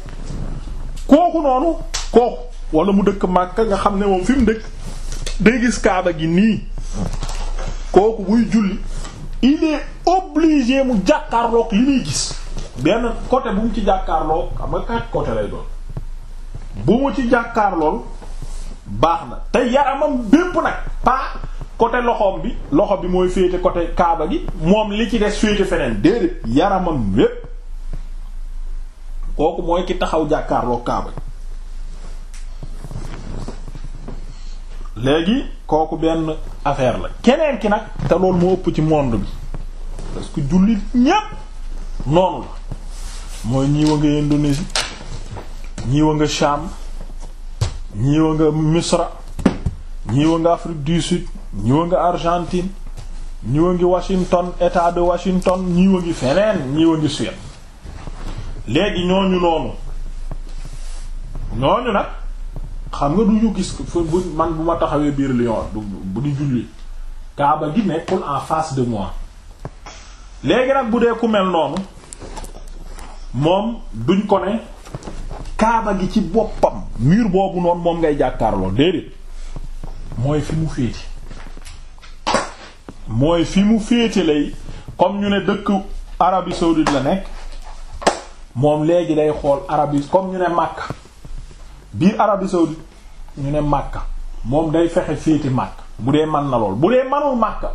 Speaker 1: kooku noonu kooku walla mu dëkk Makka nga xam ne moom fi dëkk day gis kaaba gi nii kooku buy julli il obligé mu jàkkaarloog li muy gis benn côté bu mu ci jàkkaarloog xam nga quatre côté lay doon bu mu ci jàkkaarlool baax na te yaramam bépp nag pas côté loxoom bi loxo bi mooy féete côté kaaba gi moom li ci des féete feneen déedéet yaramam bépp kooku mooy ki taxaw jàkkaarloog kaaba gi léegi kooku benn affaire la keneen ki nag te loolu moo ëpp ci monde bi parce que jullit ñépp noonu la mooy ñiiwa nga Indonésie ñiiwa nga Cham ñiiwa nga Misra ñiiwa nga Afrique du Sud ñiiwa nga Argentine ñiiwa ngi Washington état de Washington ñiiwa ngi feneen ñiiwa ngi Suède léegi ñooñu noonu ñooñu nag xam nga du ñu gis bu man bu ma taxawee biir Lyon du bu di julli Kaaba gi nekkul en face de mois léegi nag bu dee ku mel noonu moom duñ ko ne kaaba gi ci boppam mur boobu noonu moom ngay jàkkaarloo déedéet mooy fi mu féete mooy fi mu féete lay comme ñu ne dëkk arabi saoudite la nekk moom léegi day xool arabi comme ñu ne màkk biir arabi saoudite ñu ne màkk moom day fexe féete Makka bu dee man na lool bu dee manul Makka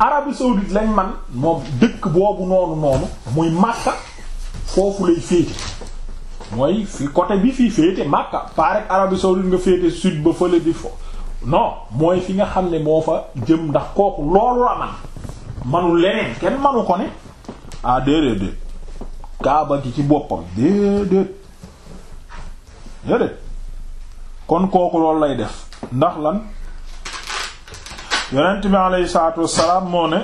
Speaker 1: Arabie saoudite lañ man moo dëkk boobu noonu noonu muy Makka foofu lay féete mooy fi côté bi fii féete Makka paa rek Arabie saoudite nga féete sud ba fële di fo non mooy fi nga xam ne moo fa jëm ndax kooku loolu la man manul leneen kenn manu ko ne ah déedéet déet kaaba gi ci boppam déedéet déedéet kon kooku loolu lay def ndax lan yonent bi aleyhi salaatu wassalaam moo ne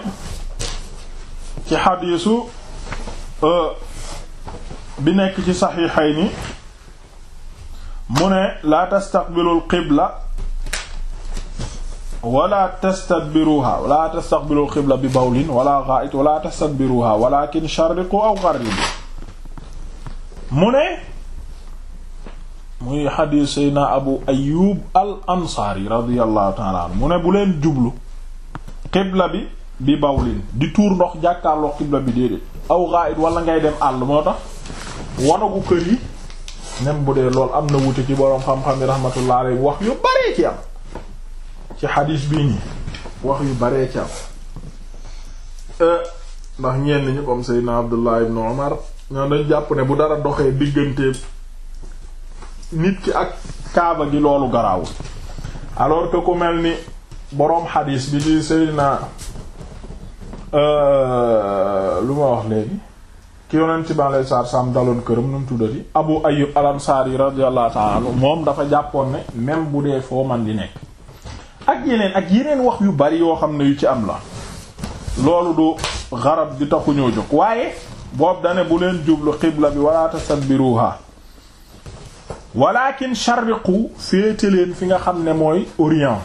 Speaker 1: ci xadiisu euh, bi nekk ci saxiixayni mu ne laa tastaqbilul qibla wala tastadbiruha wala tastaqbilul qibla bi bawlin wala gaa'it wala tastadbiruha walakin sharriqu aw gharribu mu ne muy xadiis Seydina Abu Ayyub al Ansaari radiyallahu taala anhu mu ne bu leen jublu xibla bi bi bawlin di tuur ndox jàkkaarloo xibla bi déedéet aw gaayit wala ngay dem àll moo tax wanagu kër yi même bu dee lool am na wute ci boroom xam-xam yi rahmatullah alayhi wax yu baree ci am ci xadiis bii nii wax yu baree ci am eh, ndax ñenn ñi comme Seydina Abdullah ibn Umar ñoo dañ jàpp ne bu dara doxee diggante nit ki ak kaaba gi loolu garaawul alors que ku mel ni boroom xadiis bi di Seydina euh, lu ma wax léegi ki yonent bi alayhi salaatu salaam daloon këram nu mu tuddati Abu Ayyub al-Ansari radiyallahu ta'ala anhu moom dafa jàppoon ne même bu dee foo man di nekk ak yeneen ak yeneen wax yu bari yoo xam ne yu ci am la loolu du xarab di taxuñoo jóg waaye boobu dane bu leen jublu xibla bi walaata wala tasabbiruha walakin sharriqu féete leen fi nga xam ne mooy orient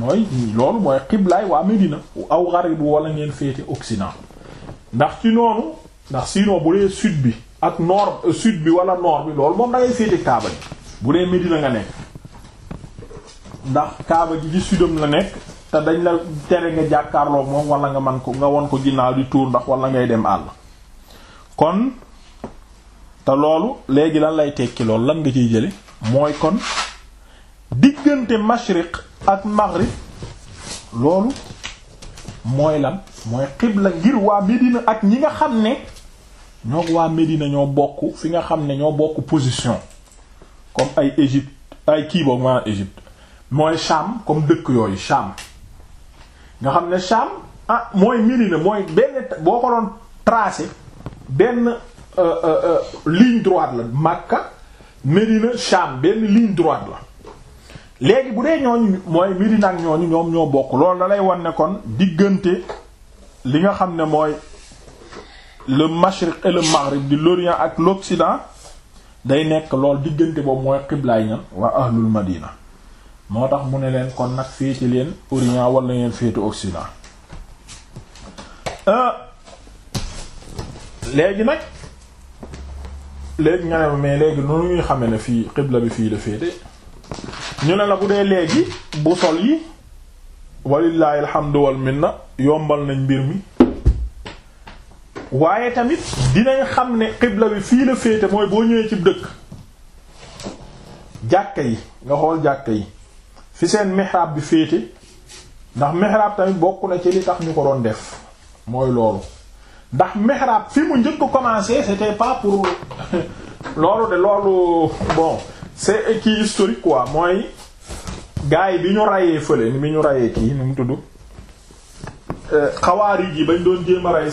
Speaker 1: mooy loolu mooy xiblaay waa Medina aw gharibu wala ngeen féete occident ndax ci noonu ndax sinon bu dee sud bi ak noor sud bi wala nord bi loolu moom da ngay féete Kaaba gi bu dee Medina nga nekk ndax Kaaba gi ci sudam la nekk te dañ la tere nga jàkkaarloo moom wala nga man ko nga won ko ginnaaw di tuur ndax walla ngay dem àll kon te loolu léegi lan lay tekki loolu lan nga ciy jële mooy kon diggante mashriq ak maghrib loolu mooy lan mooy xibla ngir waa Médina ak ñi nga xam ne ñoo waa Médina ñoo bokk fi nga xam ne ñoo bokk position comme ay Égypte ay kii maanaam Égypte mooy Cham comme dëkk yooyu Cham nga xam ne Cham ah mooy Médina mooy benn boo ko doon tracé benn Euh, euh, euh, ligne droite la Makka Medina Sham benn ligne droite la léegi bu dee ñooñu mooy Medina ñooñu ñoom ñoo bokk loolu da lay wan ne kon diggante li nga xam ne mooy le mashriq et le maghrib di l'orient ak l'occident day nekk lool diggante boobu mooy xiblaay ñan waa ahlul madina moo tax mu ne leen kon nag féete leen orient wala ngeen féete occident léegi nag léegi nga ne mais léegi noonu ñuy xame ne fii xibla bi fii la féete ñu ne la bu dee léegi bu sol yi walillahi alhamdu wal minna yombal nañ mbir mi waaye tamit dinañ xam ne xibla bi fii la féete mooy boo ñëwee cib dëkk jàkka yi nga xool jàkka yi fi seen mihrab bi féete ndax mihrab tamit bokk na ci li tax ñu ko doon def mooy loolu ndax mihrab fi mu njëkk ko commencé c'était pas pour loolu de loolu bon c'est kii historique quoi mooy gars yi bi ñu rayee fële ni bi ñu rayee kii nu mu tudd xawaarij euh, yi bañ doon jéem a rey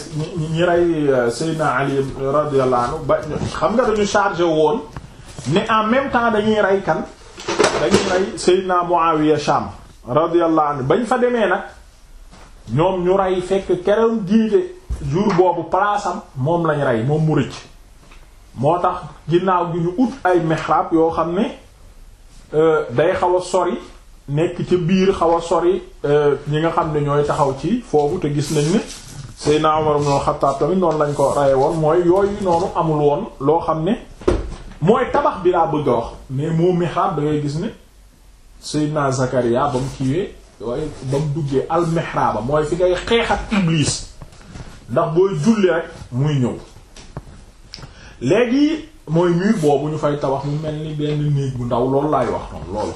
Speaker 1: ñi rey euh, Seydina Ali radiyallahu anhu ba xam nga dañu chargé woon ne en même temps dañuy rey kan dañuy rey Seydina Muawiya Sham radiyallahu anhu bañ fa demee nag ñoom ñu rey fekk keroon jiite jour boobu palaasam moom lañ rey moom mu rëcc moo tax ginnaaw gi ñu ut ay mexraab yoo xam ne euh, day xaw a sori nekk ci biir xaw a sori euh, ñi nga xam ne ñooy taxaw ci foofu te gis nañ ne Seydina Umar ibn Xattaab tamit noonu lañ ko reye woon mooy yooyu noonu amul woon loo xam ne mooy tabax bi laa bëgg mais moo mexraab da ngay gis ne Seydina Zakariya ba mu kiiwee waaye duggee al mexraaba mooy fi ngay xeex ak Iblis ndax booy julli rek muy ñëw léegi mooy mur boobu ñu fay tabax mu mel ni benn néeg bu ndaw loolu laay wax noonu loolu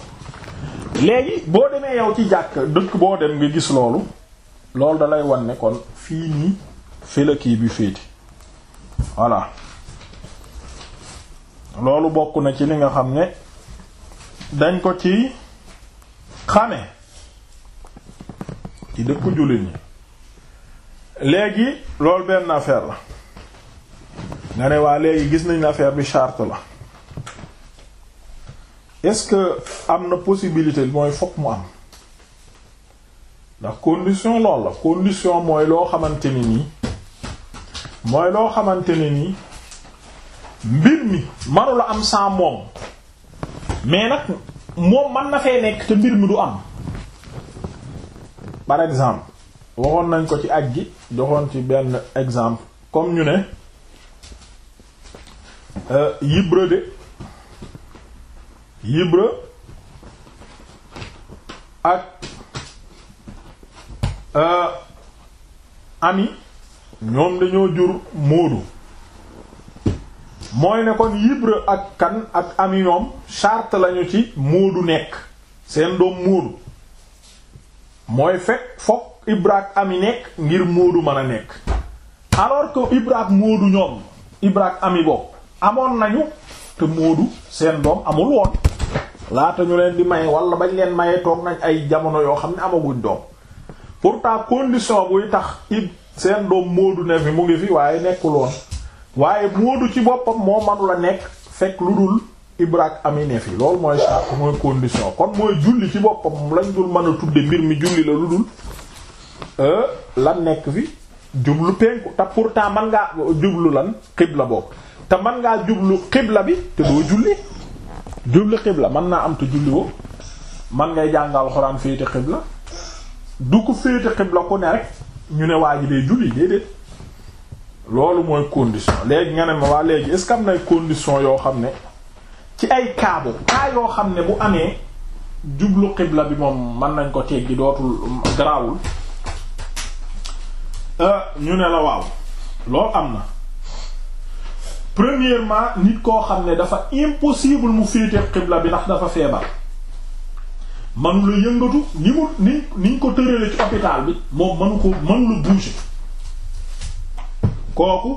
Speaker 1: léegi boo demee yow ci jàkk dëkk boo dem nga gis loolu loolu dalay lay wan ne kon fii nii kii bi féeti voilà loolu bokk na ci li nga xam ne dañ ko ci xame ci dëkk jullit ñi léegi loolu benn affaire la nga ne waa léegi gis nañ affaire bi charte la est-ce que am na possibilité mooy fokk mu am ndax condition lool la condition mooy loo xamante ni nii mooy loo xamante ni nii mbir mi manula am sans moom mais nag moom man na fee nekk te mbir mi du am par exemple waxoon nañ ko ci aj gi joxoon ci benn exemple comme ñu ne euh, yibre de yibre ak euh, ami ñoom dañoo jur móodu mooy ne kon ak kan ak ami ñoom charte lañu ci móodu nekk seen doom móodu mooy fekk fokk Ibrak ami nekk ngir Moodu mën a nekk alors ko Ibrak Moodu ñoom Ibrak ami bopp amoon nañu te Moodu seen doom amul woon laata ñu leen di may wala bañ leen maye toog nañ ay jamono yoo xam ne amaguñ doom pourtant condition buy tax ib seen doom Moodu ne fi mu ngi fi waaye nekkul woon waaye Moodu ci boppam moo manula nekk fekk lu dul Ibrak ami ne fi loolu mooy charte mooy condition kon mooy julli ci boppam lañ dul mën a tudde mbir mi julli la lu dul Euh, lan nekk fi jublu penku te pourtant man ngaa jublu lan xibla boobu te man ngaa jublu xibla bi te doo julli jublu xibla man naa am te julli woo man ngay jàngal xoraan féete xibla du ko féete xibla ku ne rek ñu ne waa ji day julli déedéet loolu mooy condition léegi nga ne ma waa léegi est-ce que am nay condition yoo xam ne ci ay kaabo kaa yoo xam ne mu amee jublu xibla bi moom mën nañ ko teggi dootul garaawul Euh, ñu ne la waaw loolu am na premièrement nit koo xam ne dafa impossible mu féete xibla bi ndax dafa feebar man la yëngatu ni mu ni niñ ko tërale ci hôpital bi moom manu ko manu la kooku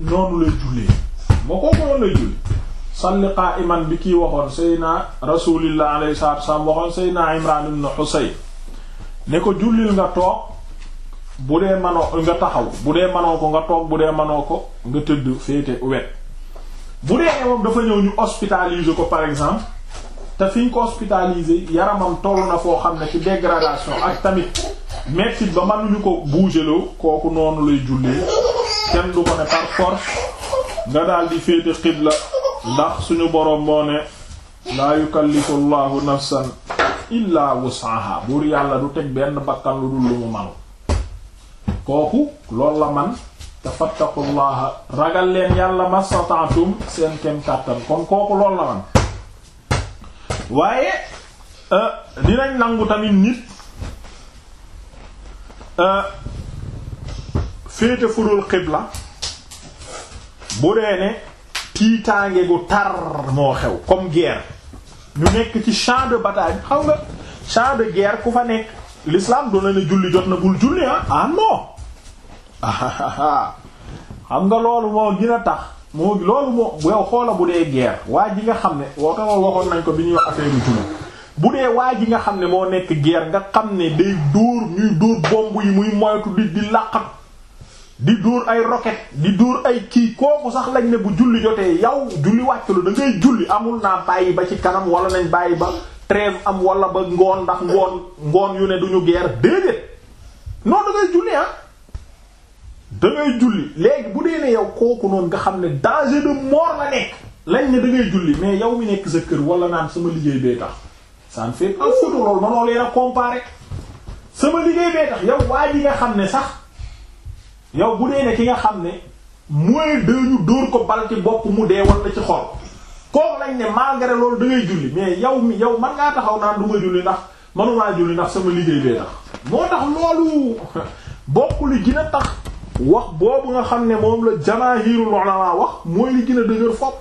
Speaker 1: noonu lay jullee moo kooku noonu lay jullee salli qa'iman bi kiy waxoon sayna rasulillah alayhi saa wasallam waxoon sayna imran ibn husayn ne ko jullil nga toog bu dee manoo nga taxaw bu dee manoo ko nga toog bu dee manoo ko nga tëdd féete wet bu dee moom dafa ñëw ñu hospitaliser ko par exemple te fi ñu ko hospitaliser yaramam toll na foo xam ne ci dégradation ak tamit metti ba man mënuñu ko bouger loo kooku noonu lay jullee kenn du ko ne par force nga daal di féete xibla ndax suñu borom moo ne laa yukallifu llahu nafsan illa buur yàlla du teg benn bakkan lu dul lu mu manu kooku loolu la man te fattaqullaha ragal leen yàlla mastata'tum seen kem kon kooku lool la man waaye euh, dinañ nangu tamit nit euh, féete furul xibla bu dee ne tiitaange gu tar moo xew comme guerre ñu nekk ci champ de bataille xam nga champ de guerre ku fa nekk lislaam du na ne julli jot na bul julli ah ah non xam nga loolu moo gën a tax moo loolu moo yow xoola bu dee guerre waa ji nga xam ne woo ko waxoon nañ ko bi ñuy wax affaire julli bu dee waa ji nga xam ne moo nekk guerre nga xam ne day duur ñuy dóor bomb yi muy moytu di di làqat di duur ay roquette di duur ay kii kooku sax lañ ne bu julli jotee yow julli wàcc lu da ngay julli amul naa bàyyi ba ci kanam wala nañ bàyyi ba trêve am wala ba ngoon ndax ngoon ngoon yu ne duñu guerre déedéet non da ngay julli ah da julli léegi bu dee ne yow kooku noonu nga xam ne danger de mort la nekk lañ ne da julli mais yow mi nekk sa kër walla naan sama liggéey bee tax ça ne fait pas photo loolu leen a comparer sama liggéey bee tax yow waa ji nga xam ne sax yow bu dee ne ki nga xam ne mooy dee dóor ko bal ci bopp mu dee wala ci xol kooku lañ ne malgré loolu da ngay julli mais yow mi yow man ngaa taxaw naan du ma julli ndax manumaa julli ndax sama liggéey bee tax moo tax loolu bokk li gën a tax wax boobu nga xam ne moom la jamaahirul ulama wax mooy lu gën a dëgër fopp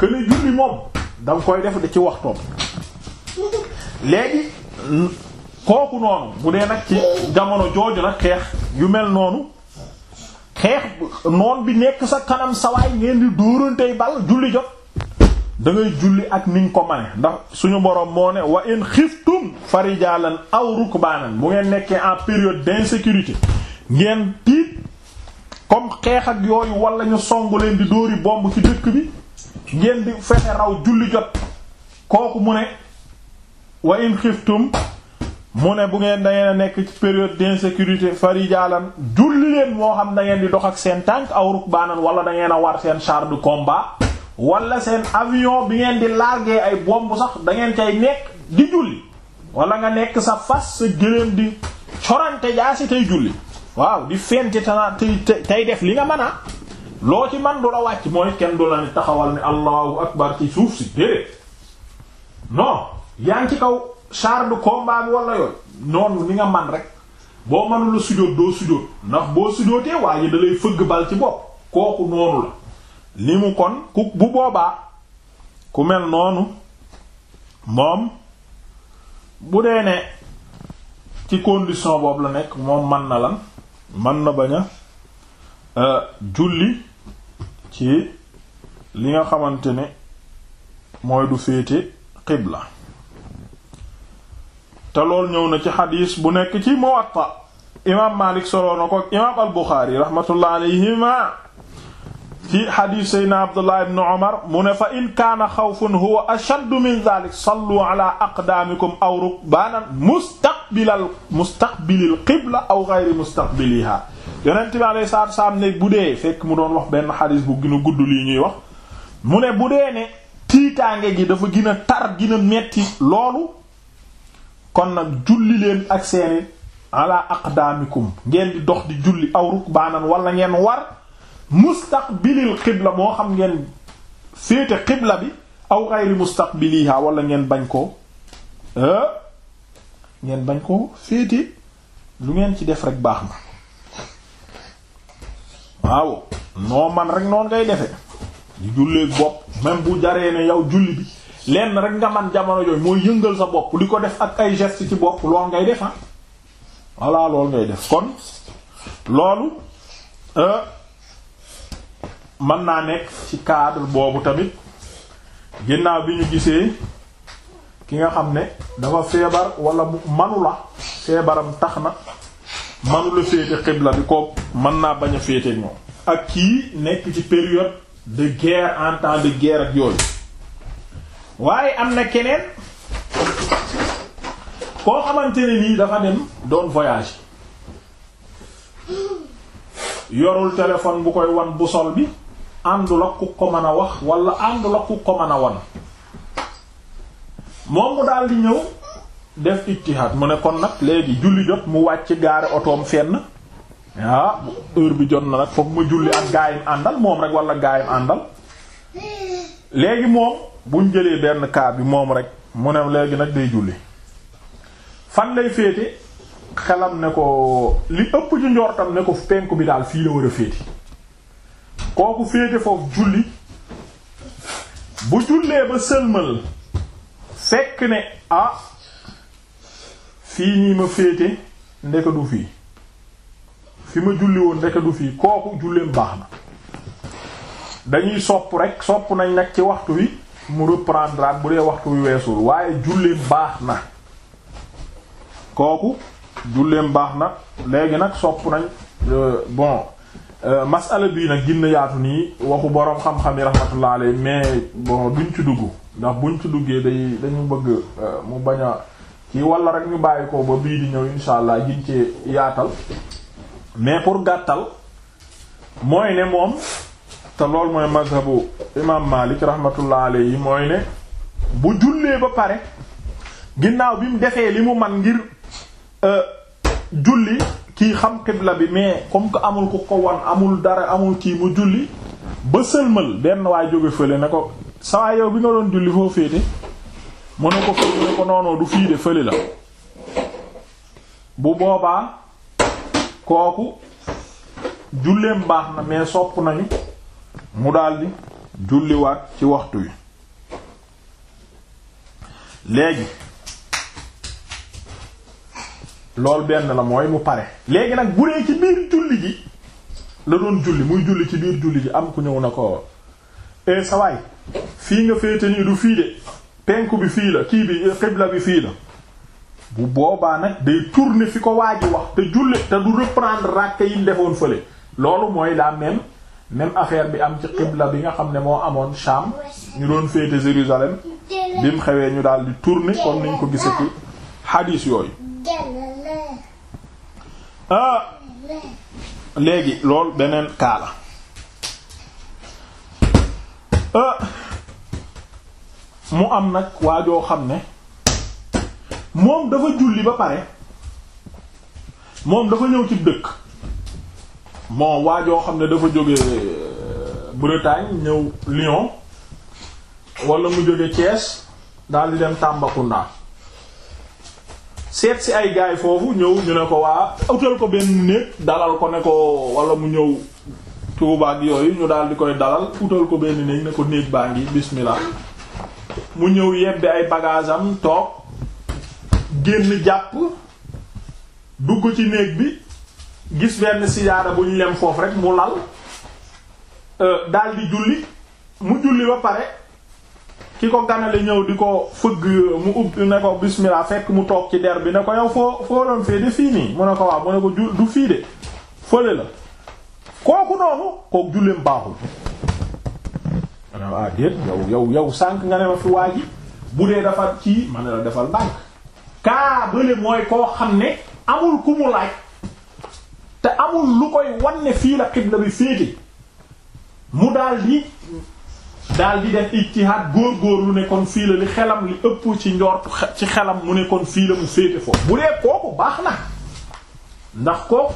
Speaker 1: que ne julli moom da koy def da ci waxtoom léegi kooku noonu bu dee nag ci jamono jooju nag xeex yu mel noonu xeex noon bi nekk sa kanam sawaay ngeen di dóorantey bal julli jot da ngay julli ak ni nga ko mane ndax suñu borom moo ne wa in xiftum farijaalan aw rukbaanan bu ngeen nekkee en période d'insécurité ngeen tiit comme xeex ak yooyu wala ñu songu leen di dóori bomb ci dëkk bi ngeen di fexe raw julli jot kooku mu ne wa in xiftum mu ne bu ngeen da a nekk ci période d'insécurité farijaalan julli leen moo xam da ngeen di dox ak seen tànk aw rukbaanan wala da ngeen a war seen char de combat wala seen avion bi ngeen di larguer ay bomb sax da ngeen cay nekk di julli walla nga nekk sa fas sa gëléem di corante jaasi tey julli waaw di fenti tana tey tey def li nga mën a loo ci man du la wàcc mooy kenn du la ni taxawal ni allahu akbar ci suuf si déedéet non yaa ngi ci kaw char de combat bi wala noonu ni nga man rek boo mënula sujjóot doo sujjóot ndax boo sujjóotee waaye da dalay fëgg bal ci bopp kooku noonu la li mu kon ku bu boobaa ku mel noonu moom bu dee ne ci condition boobu la nekk moom man na lan man na bañ a euh, julli ci li nga xamante ne mooy du féete xibla te lool ñëw na ci xadiis bu nekk ci Muwatta imaam Maalik soloona ko imaam al Buxaari raxmatullahi ci xadiis seydna abdullah ibn ne fa in kaana xawfun huwa ashaddu min dalik sallu ala aqdaamikum aw rukbaanan mustaqbilal mustaqbilil aw gayri mustaqbiliha yonent bu dee fekk mu doon wax benn xadiis bu gën gudd lii ñuy wax mu ne bu dee ne tiitaange gi dafa gën a tar gën metti loolu kon nag julli leen ak seeni ala ngeen di dox di julli aw rukbaanan wala ngeen war mustaqbilil xibla moo xam ngeen féete xibla bi aw xayri mustaqbiliha wala ngeen bañ koo eh? ngeen bañ koo féete lu ngeen ci def rek baax na waaw noo man rek noonu ngay defe di julleeg bopp même bu jaree ne yow julli bi lenn rek nga man jamono yooyu mooy yëngal sa bopp di ko def ak ay geste ci bopp lool ngay def ah voilà ngay def kon loolu eh, mën naa nekk ci cadre boobu tamit ginnaaw bi ñu gisee ki nga xam ne dafa feebar walla mu manu la feebaram tax na manu la féete xibla bi ko mën naa bañ a féete ñoom ak kii nekk ci période de guerre en temps de guerre ak yooyu waaye am na keneen koo xamante ne dafa dem doon voyage yorul téléphone bu koy wan bu sol bi àndul ak ku ko mën a wax wala àndul ak ku ko mën a wan moom mu daal di ñëw def ijtihaad mu ne kon nag léegi julli jot mu wàcc gaare otoom fenn ah heure bi jot na nag foog ma julli ak gaayam àndal moom rek wala gaayam àndal léegi moom buñ jëlee benn kaar bi moom rek mu ne léegi nag day julli fan lay féete xelam ne ko li ëpp ci njortam ne ko penku bi daal fii la war a féete kooku féete foofu julli bu jullee ba sëlmal fekk ne a ah, fii nii ma féete ndeke du fii fi ma julli woon ndeke du fii kooku julleem baax na dañuy sopp rek sopp nañ nag ci waxtu wi mu reprendre at bu dee waxtu wi weesul waaye julleem baax na kooku julleem baax na léegi nag sopp nañ euh, bon Euh, masala bii nag ginn yaatu nii waxu boroom xam-xam yi rahmatullah alayhi mais bon duñ ci dugg ndax buñ ci duggee day dañu bëgg euh, mu bañ a ci walla rek ñu bàyyi ko ba bii di ñëw insha allah gin ci yaatal mais pour gàttal mooy ne moom te loolu mooy mazhabu imam Malik rahmatullah yi mooy ne bu jullee ba pare ginnaaw bi mu defee li mu man ngir euh, julli kii xam xibla bi mais comme que amul ku ko won amul dara amul kii mu julli ba sëlmal benn waay jóge fële ne ko sawaay yow bi nga doon julli foo féete mu ne ko fële mu ko noonoo du fii de fële la bu boobaa kooku julleem baax na mais sopp nañu mu daldi julliwaat ci waxtu wi léegi loolu benn la mooy mu pare léegi nag bu dee ci biir julli ji la doon julli muy julli ci biir julli ji am ku ñëw na ko e eh, sawaay fii nga féete nii du fii de penku bi fii la kii bi eh, xibla bi fii la bu boobaa nag day tourner fi ko waa wax te julli te du reprendre ràkk yi defoon fële loolu mooy la même même affaire bi am ci xibla bi nga xam ne moo amoon Sham ñu doon féete Jérusalem bi xewee ñu daal di tourner comme niñ ko gisati xadiis yooyu ah, léegi lool beneen kaala ah, mu am nag waajoo xam ne moom dafa julli ba pare moom dafa ñëw ci dëkk moom waajoo xam ne dafa jóge euh, Bretagne ñëw Lyon wala mu jóge cees daal di dem Tambacounda seet si ay gaay foofu ñëw ñu ne ko waa utal ko benn néeg dalal ko ne ko wala mu ñëw Tuubaa ak yooyu ñu daal di koy dalal utal ko benn néeg ne ko néeg baa ngi bismillah mu ñëw yebbi ay bagage toog génn jàpp dugg ci néeg bi gis benn sijaada bu ñu lem foofu rek mu lal euh, daldi di julli mu julli ba pare ki ko ganale ñëw di ko fëgg mu ub ne ko bismillah fekk mu toog ci der bi na ko yow foo foo doon fee fii nii mu ne ko waaw mu ne ko du fii de fële la kooku noonu kooku julleem baaxul ah déet yow sànq nga ne ma fi waa ji bu dee dafa ci ma la defal ndànk kaa bële mooy koo xam ne amul ku mu laaj te amul lu koy wan fii la xibla bi féete mu daal di daal di def ijtihaad góorgóorlu ne kon fii la li xelam li ëpp ci njort ci xelam mu ne kon fii la mu féete foofu bu dee kooku baax na ndax ko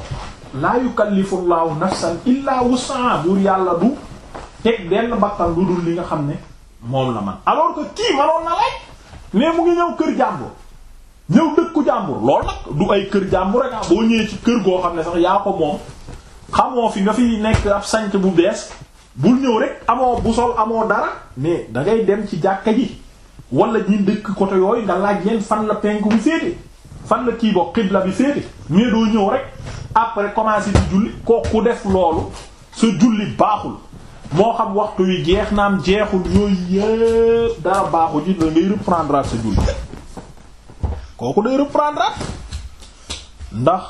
Speaker 1: laa yukallifu llaahu nafsan illaa wus'aha buur yàlla du teg benn bakkan lu dul li nga xam ne moom la man alors que kii manoon na laaj mais mu ngi ñëw kër jàmbur ñëw dëkku jàmbur lool nag du ay kër jàmbur rek ah, boo ñëwee ci kër goo xam ne sax yaa ko moom xamoo fi nga fi nekk ab sanc bu bees bul ñëw rek amoo bu sol amoo dara mais da ngay dem ci jàkka ji wala ñi dëkk côté yooyu nga laaj leen fan la penku bi féete fan la kii bo xibla bi féete mais doo ñëw rek après commencé di julli kooku def loolu sa julli baaxul moo xam waxtu wi jeex naam jeexul yooyu yëpp dara baaxul ji da ngay sa julli kooku day reprendre ndax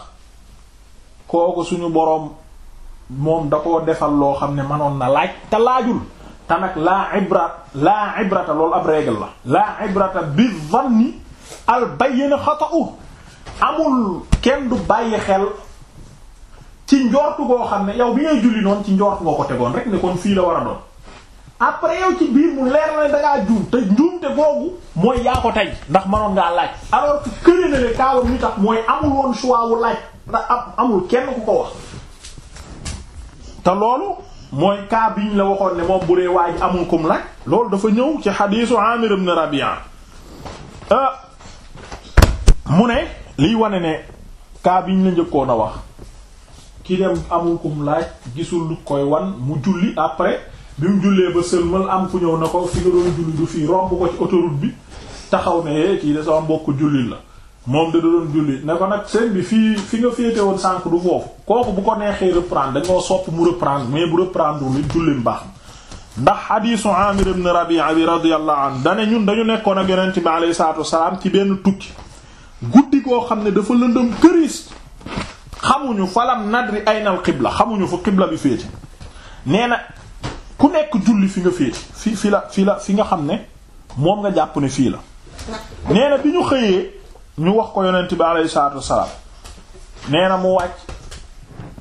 Speaker 1: kooku suñu boroom moom da ko defal loo xam ne mënoon na laaj te laajul te nag laa ibrat laa ibrata loolu ab règle la laa ibrata bi zanni al bayyin xata'u amul kenn du bàyyi xel ci njortu goo xam ne yow bi ngay julli noonu ci njort rek ne fii la a yow ci biir mu googu mooy yaa ko tey ndax mënoon ngaa laaj alors que këri na le kaawam tax mooy amul woon choix wu laaj ndax amul kenn ku ko wax te loolu mooy cas biñ la waxoon ne moom bu dee waa ji amul kum laaj loolu dafa ñëw ci xadiisu Amir ibn Rabi'a ah, mu ne liy wane ne cas biñ la njëkkoon a wax ki dem amul kum laaj gisul lu koy wan mu julli après bi mu jullee ba sëlmal am ku ñëw na ko fi julli du fii romb ko ci autoroute bi taxaw ne eh kii de sama mbokk jullit la. moom da doon julli ne ko nag sëñ bi fii fi nga féete woon sànq du foofu kooku bu ko neexee reprendre dañoo sopp mu reprendre mais bu reprendre wu nit jullim baax ndax xadiisu Amir ibn Rabi'a bi radiyallahu anhu dane ñun dañu nekkoon ak yonent bi alayhi salaatu wasalaam ci benn tukki guddi koo xam ne dafa lëndëm këris xamuñu falam nadri aynal xibla xamuñu fu xibla bi féete nee na ku nekk julli fi nga féete fi fi la fi la fi nga xam ne moom nga jàpp ne fii la ñu wax ko yonent bi aleyhi salaatu wassalaam nee na mu wàcc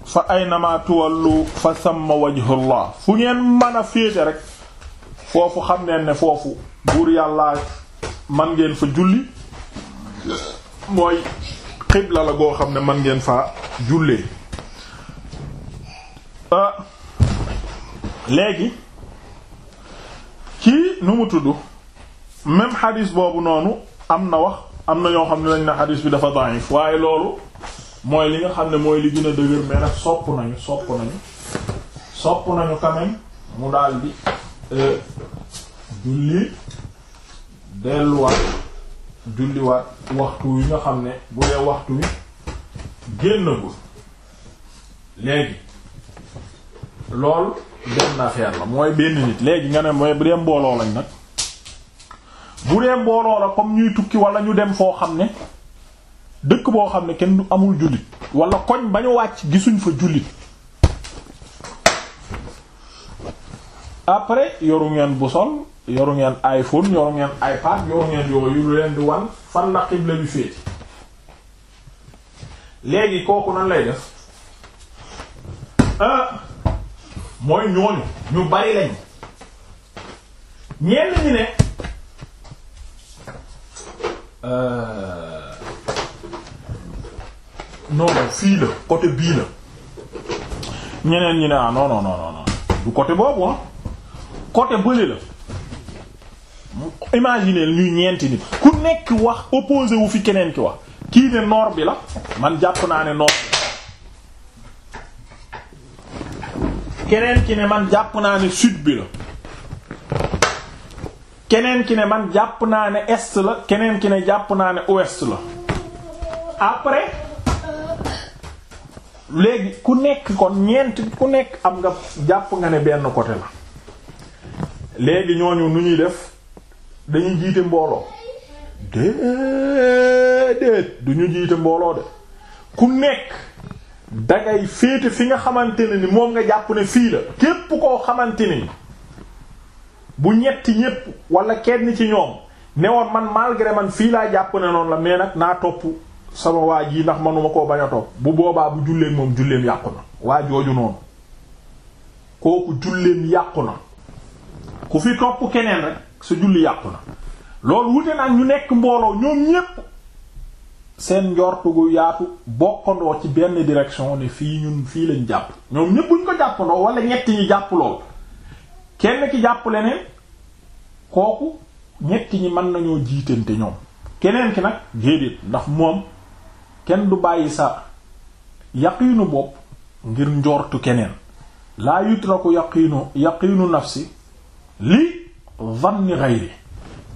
Speaker 1: fa aynama tuwallu fa samma wajhullah fu ngeen mën a féete rek foofu xam neen ne foofu buur yàlla man ngeen fa julli mooy xibla la goo xam ne man ngeen fa jullee ah, léegi kii nu mu tudd même xadis boobu noonu am na wax am na ñoo xam ne lañ na xadiis bi dafa da'if waaye loolu mooy li nga xam ne mooy li gën a dëgër mais nag sopp nañu sopp nañu sopp nañu quand mu daal di euh, julli delluwaat julliwaat waxtu wi nga xam ne bu dee waxtu wi génnagul léegi loolu na affaire la mooy benn nit léegi nga ne mooy bu dee mbooloo lañ nag bu dee mbooloo la comme ñuy tukki wala ñu dem foo xam ne dëkk boo xam ne kenn du amul jullit wala koñ ba ñu wàcc gisuñ fa jullit après yoru ngeen bu yoru ngeen iPhone yoru ngeen iPad yoru ngeen yooyu lu leen di wan fan la xibla bi féeti léegi kooku nan lay def ah, mooy ñooñu ñu bari lañ ñenn ñi ne Euh, non fii la côté bii la ñeneen ñi ne ah non non du côté boobu ah côté bële la imaginez ñuy ñeenti nit ku nekk wax opposé wu fi keneen ki wax kii ne nord bi la man jàpp naa ne nord bi keneen ki ne man jàpp naa ne sud bi la. keneen ki ne man jàpp naa ne est la keneen ki ne jàpp naa ne ouest la après léegi ku nekk kon ñeent ku nekk am nga jàpp nga ne benn côté la léegi ñooñu nu ñuy def dañuy jiite mbooloo déedéet duñu ñu jiite mbooloo de ku nekk dangay féete fi nga xamante ne ni moom nga jàpp ne fii la képp koo xamante ni bu ñetti ñépp wala kenn ci ñoom ne woon man malgré man fii laa jàpp ne noonu la mais nag naa topp sama waa ji ndax manuma koo bañ bu boobaa bu julleem moom julleem yàqu na waa jooju noonu kooku julleem yàqu na ku fi topp keneen rek sa julli yàqu na loolu wute nag ñu nekk mbooloo ñoom ñépp seen njortu gu yaatu bokkandoo ci benn direction ne fii ñun fii lañ jàpp ñoom ñépp buñ ko jàppandoo wala ñetti ñi jàpp lool kenn ki jàpp leneen kooku ñetti ñi mën nañoo jiitante ñoom keneen ki nag déedéet ndax moom kenn du bàyyi sa yaqiinu bopp ngir njoortu keneen laa yutraku yaqiinu yaqiinu si li vanni ghayri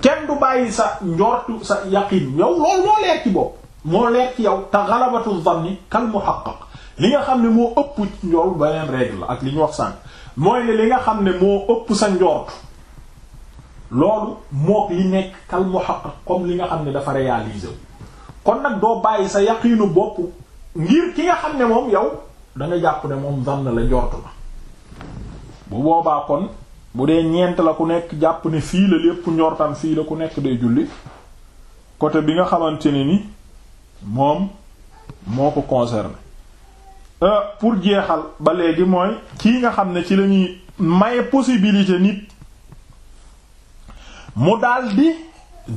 Speaker 1: kenn du bàyyi sa njoortu sa yaqiin yow loolu moo leer bopp moo leer ci yow te galabatu vanni kal muhaqqaq li nga xam ne moo ëpp njool beneen règle la ak li ñu wax sànq mooy ne li nga xam ne moo ëpp sa njort loolu mook li nekk kal muhaqqaq comme li nga xam ne dafa réalisé kon nag doo bàyyi sa yaqiinu bopp ngir ki nga xam ne moom yow da jàpp ne moom zann la njort la bu boobaa kon bu dee ñeent la ku nekk jàpp ne fii la lépp njortam fii la ku nekk day julli côté bi nga xamante ne ni moom moo ko concerné Euh, pour jeexal ba léegi mooy kii nga xam ne ci lañuy ñuy maye possibilité nit mu daldi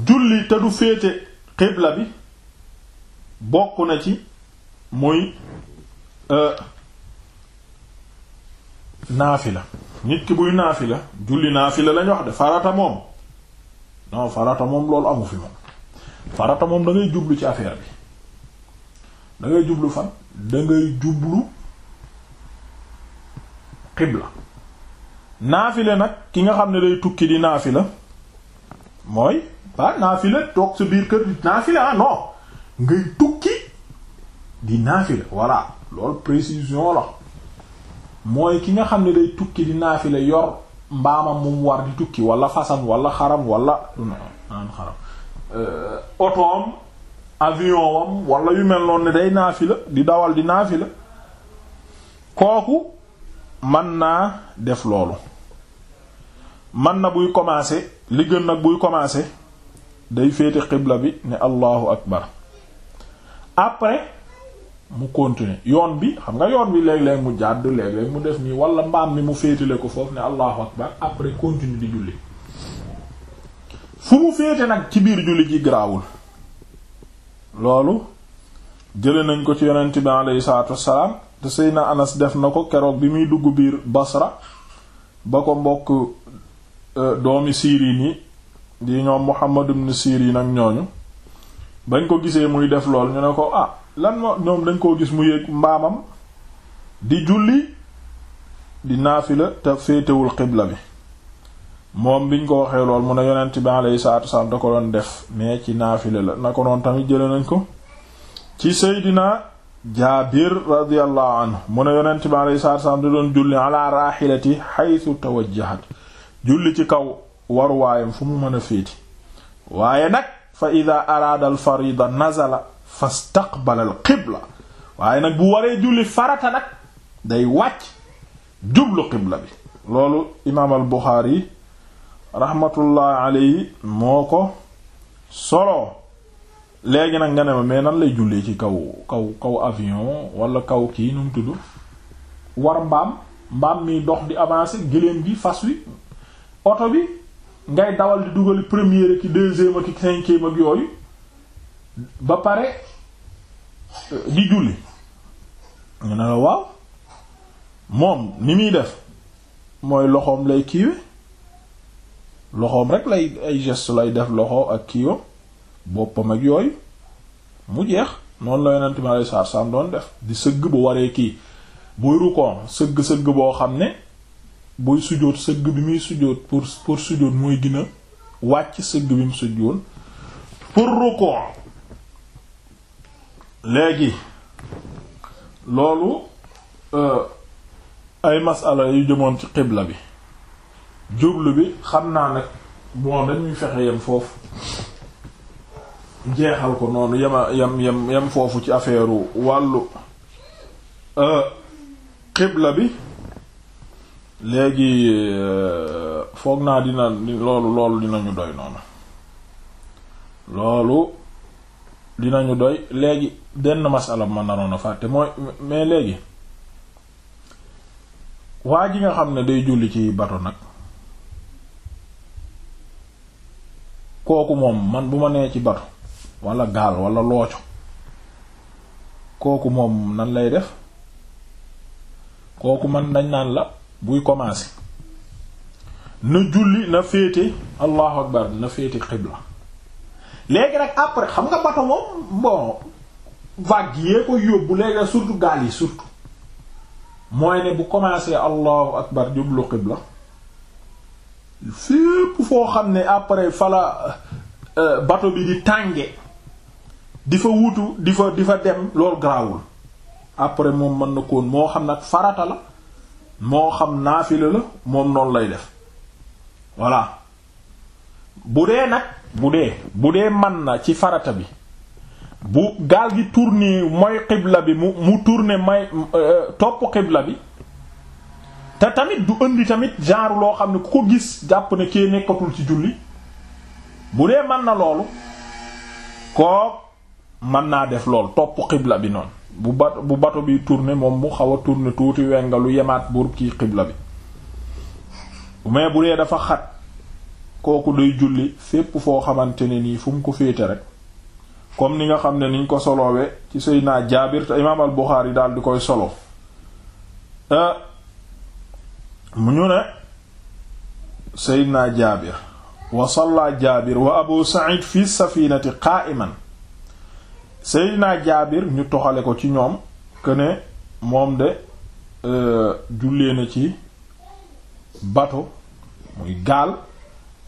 Speaker 1: julli te du féete xibla bi bokk na ci muy euh, naafila nit ki buy naafila julli la lañ wax de farata moom non farata moom loolu amu fi moom farata moom da jublu ci affaire bi da jublu fan dangay jublu xibla naafile nag ki nga xam ne day tukki di naafila mooy ba ah, naafila toog sa biir kër di naafila ah non ngay tukki di naafila voilà loolu précision la mooy ki nga xam ne day tukki di naafila yor mbaamam mum war di tukki wala fasam wala xaram wala du naan xaram euh, otoom avion wam wala yu mel noon ne day naafila di dawal di naafila kooku man naa def loolu man na buy commencer li gën nag buy commencer day féete xibla bi ne allahu akbar après mu continuer yoon bi xam nga yoon bi léeg-léeg mu jàdd léeg-léeg mu def nii wala mbaam mi mu féetale ko foofu ne allahu akbar après continuer di julli fu mu féete nag ci biir julli ji garaawul loolu jële nañ ko ci yonent bi aleyhi salaatu wassalaam te Seydina Anas def na ko keroog bi muy dugg biir Basra ba ko mbokk euh, doomi Siiriin yi di ñoom Muhammad ibn Siiriin ak ñooñu bañ ko gisee muy def lool ñu ne ko ah lan moo ñoom dañ koo gis mu yéeg mbaamam di julli di naafila te féetewul xibla bi moom biñ ko waxee lool mu ne yonent bi alayhi salaatu wasalaam da ko doon def mais ci naafile la na ko noon tamit jële nañ ko ci seydina jaabir radiyallahu anhu mu ne yonent bi alayhi salaatu wasalaam da doon julli ala raahilati haythu tawajjahat julli ci kaw waruwaayam fu mu mën a féeti waaye nag fa ida araada al farida nazala fastaqbala al qibla waaye nag bu waree julli farata nag day wàcc jublu qibla bi loolu imaam al buxaari rahmatullah alayhi moo ko solo léegi nag nga ne ma mais nan lay jullee ci kaw kaw kaw avion walla kaw kii nu mu tudd war mbaam mbaam mi dox di avancer gëléem bi fas wi oto bi ngay dawal di dugal première ki deuxième ak yooyu ba pare euh, di julli waaw moom ni muy def mooy loxoom lay kiiwe loxoom rek lay ay geste lay def loxo ak kiiwam boppam ak yooyu mu jeex noonu la yonent mi alayhi salaatu doon def di sëgg bu waree kii buy rukoon sëgg-sëgg boo xam ne buy sujjóot sëgg bi muy sujjóot pour pour sujjóot mooy gën wàcc sëgg bi mu sujjóot pour rukoon léegi loolu euh, ay masala yu jëmoon ci xibla bi jublu bi xam naa nag bon dañuy fexe yem foofu jeexal ko noonu yema yem yem foofu ci affaire wàllu euh, xibla bi léegi euh, foog naa dina loolu loolu dinañu doy noonu loolu dinañu doy léegi denn masala ma naroon a fàtte mooy mais léegi waa ji nga xam ne day julli ci bato nag kooku moom man bu ma nee ci bato walla gaal wala looco kooku moom nan lay def kooku man dañ naan la buy commencer na julli na féete allahu akbar na féete xibla léegi nag après xam nga bato moom bon vague yee ko yóbbu léegi nag surtout gaal yi surtout mooy ne bu commencer allahu akbar jublu xibla fépp foo xam ne après fala euh, bato bi di tànge di fa wutu di fa di fa dem loolu garaawul après moom mën na koon moo xam nag farata la moo xam naafila la moom noonu lay def voilà bu dee nag bu dee bu dee man na ci farata bi bu gaal gi tourner mooy xibla bi mu mu tourner may euh, topp xibla bi te tamit du indi tamit genre loo xam ne ku ko gis jàpp ne kee nekkatul ci julli bu dee mën na loolu kook mën naa def lool topp xibla bi noonu bu bato bi tourner moom mu xaw a tourner tuuti wengalu yemaat buur kii xibla bi mais bu dee dafa xat kooku day julli fépp foo xamante ne nii fu mu ko féete rek comme ni nga xam ne niñ ko solowee ci Seydina Jaabir te imaam al Buxaari daal di koy solo. Euh, mu ñu ne seydna jaabir wa salla jaabir wa abu sa'id fi safinati qa'iman seydna jaabir ñu toxale ko ci ñoom këne moom de euh, jullee na ci bato muy gaal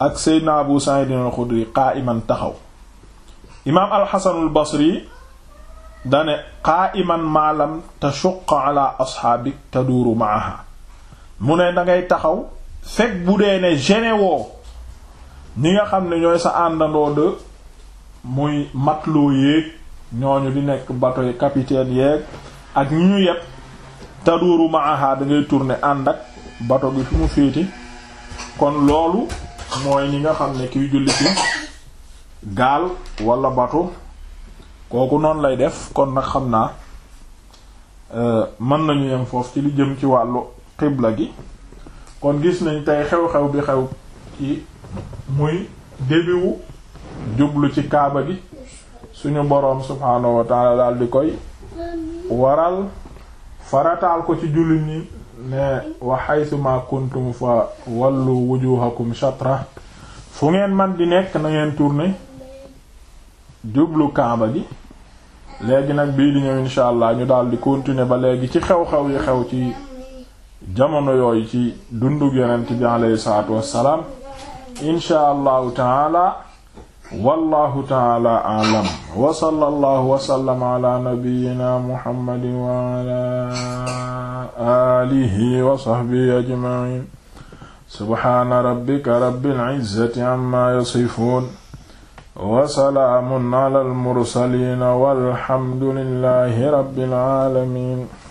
Speaker 1: ak seydna abu sa'id al-xudri qa'iman taxaw imaam alxasanul basri dane qa'iman maalam tashuq ala asxaabik taduuru maaha mu ne da ngay taxaw fekk bu dee ne gene woo ñi nga xam ne ñooy sa àndandoo de muy matelot yéeg ñooñu di nekk bato yi capitaine yeeg ak ñu ñu yeb taduuru dangay da ngay tourner ànd ak bato gi fi mu féete kon loolu mooy ñi nga xam ne kiy julli gaal wala bato kooku noonu lay def kon nag xam naa euh, mën nañu yem foofu ci li jëm ci wàllu xibla gi kon gis nañ tey xew-xew bi xew ci muy débiwu jublu ci kaaba gi suñu boroom subhaanahu wa taala daal di koy waral farataal ko ci jullit ñi ne wa haythuma kuntum fa wallu wujuhakum chatra fu ngeen man di nekk na ngeen tourner jublu kaaba gi léegi nag bii di ñëw insha allah ñu daal di continuer ba léegi ci xew-xew yi xew ci jamono yooyu ci dundug yonent bi aleyhi salaatu wassalaam insha allahu taala wallahu taala alam wa sallallahu wa sallama ala nabiyyina muhammadin wa ala alihi wa sahbihi ajma'in subhana rabbika rabbil izzati amma yasifun wa salaamun ala al mursalin walhamdulillahi rabbil alamin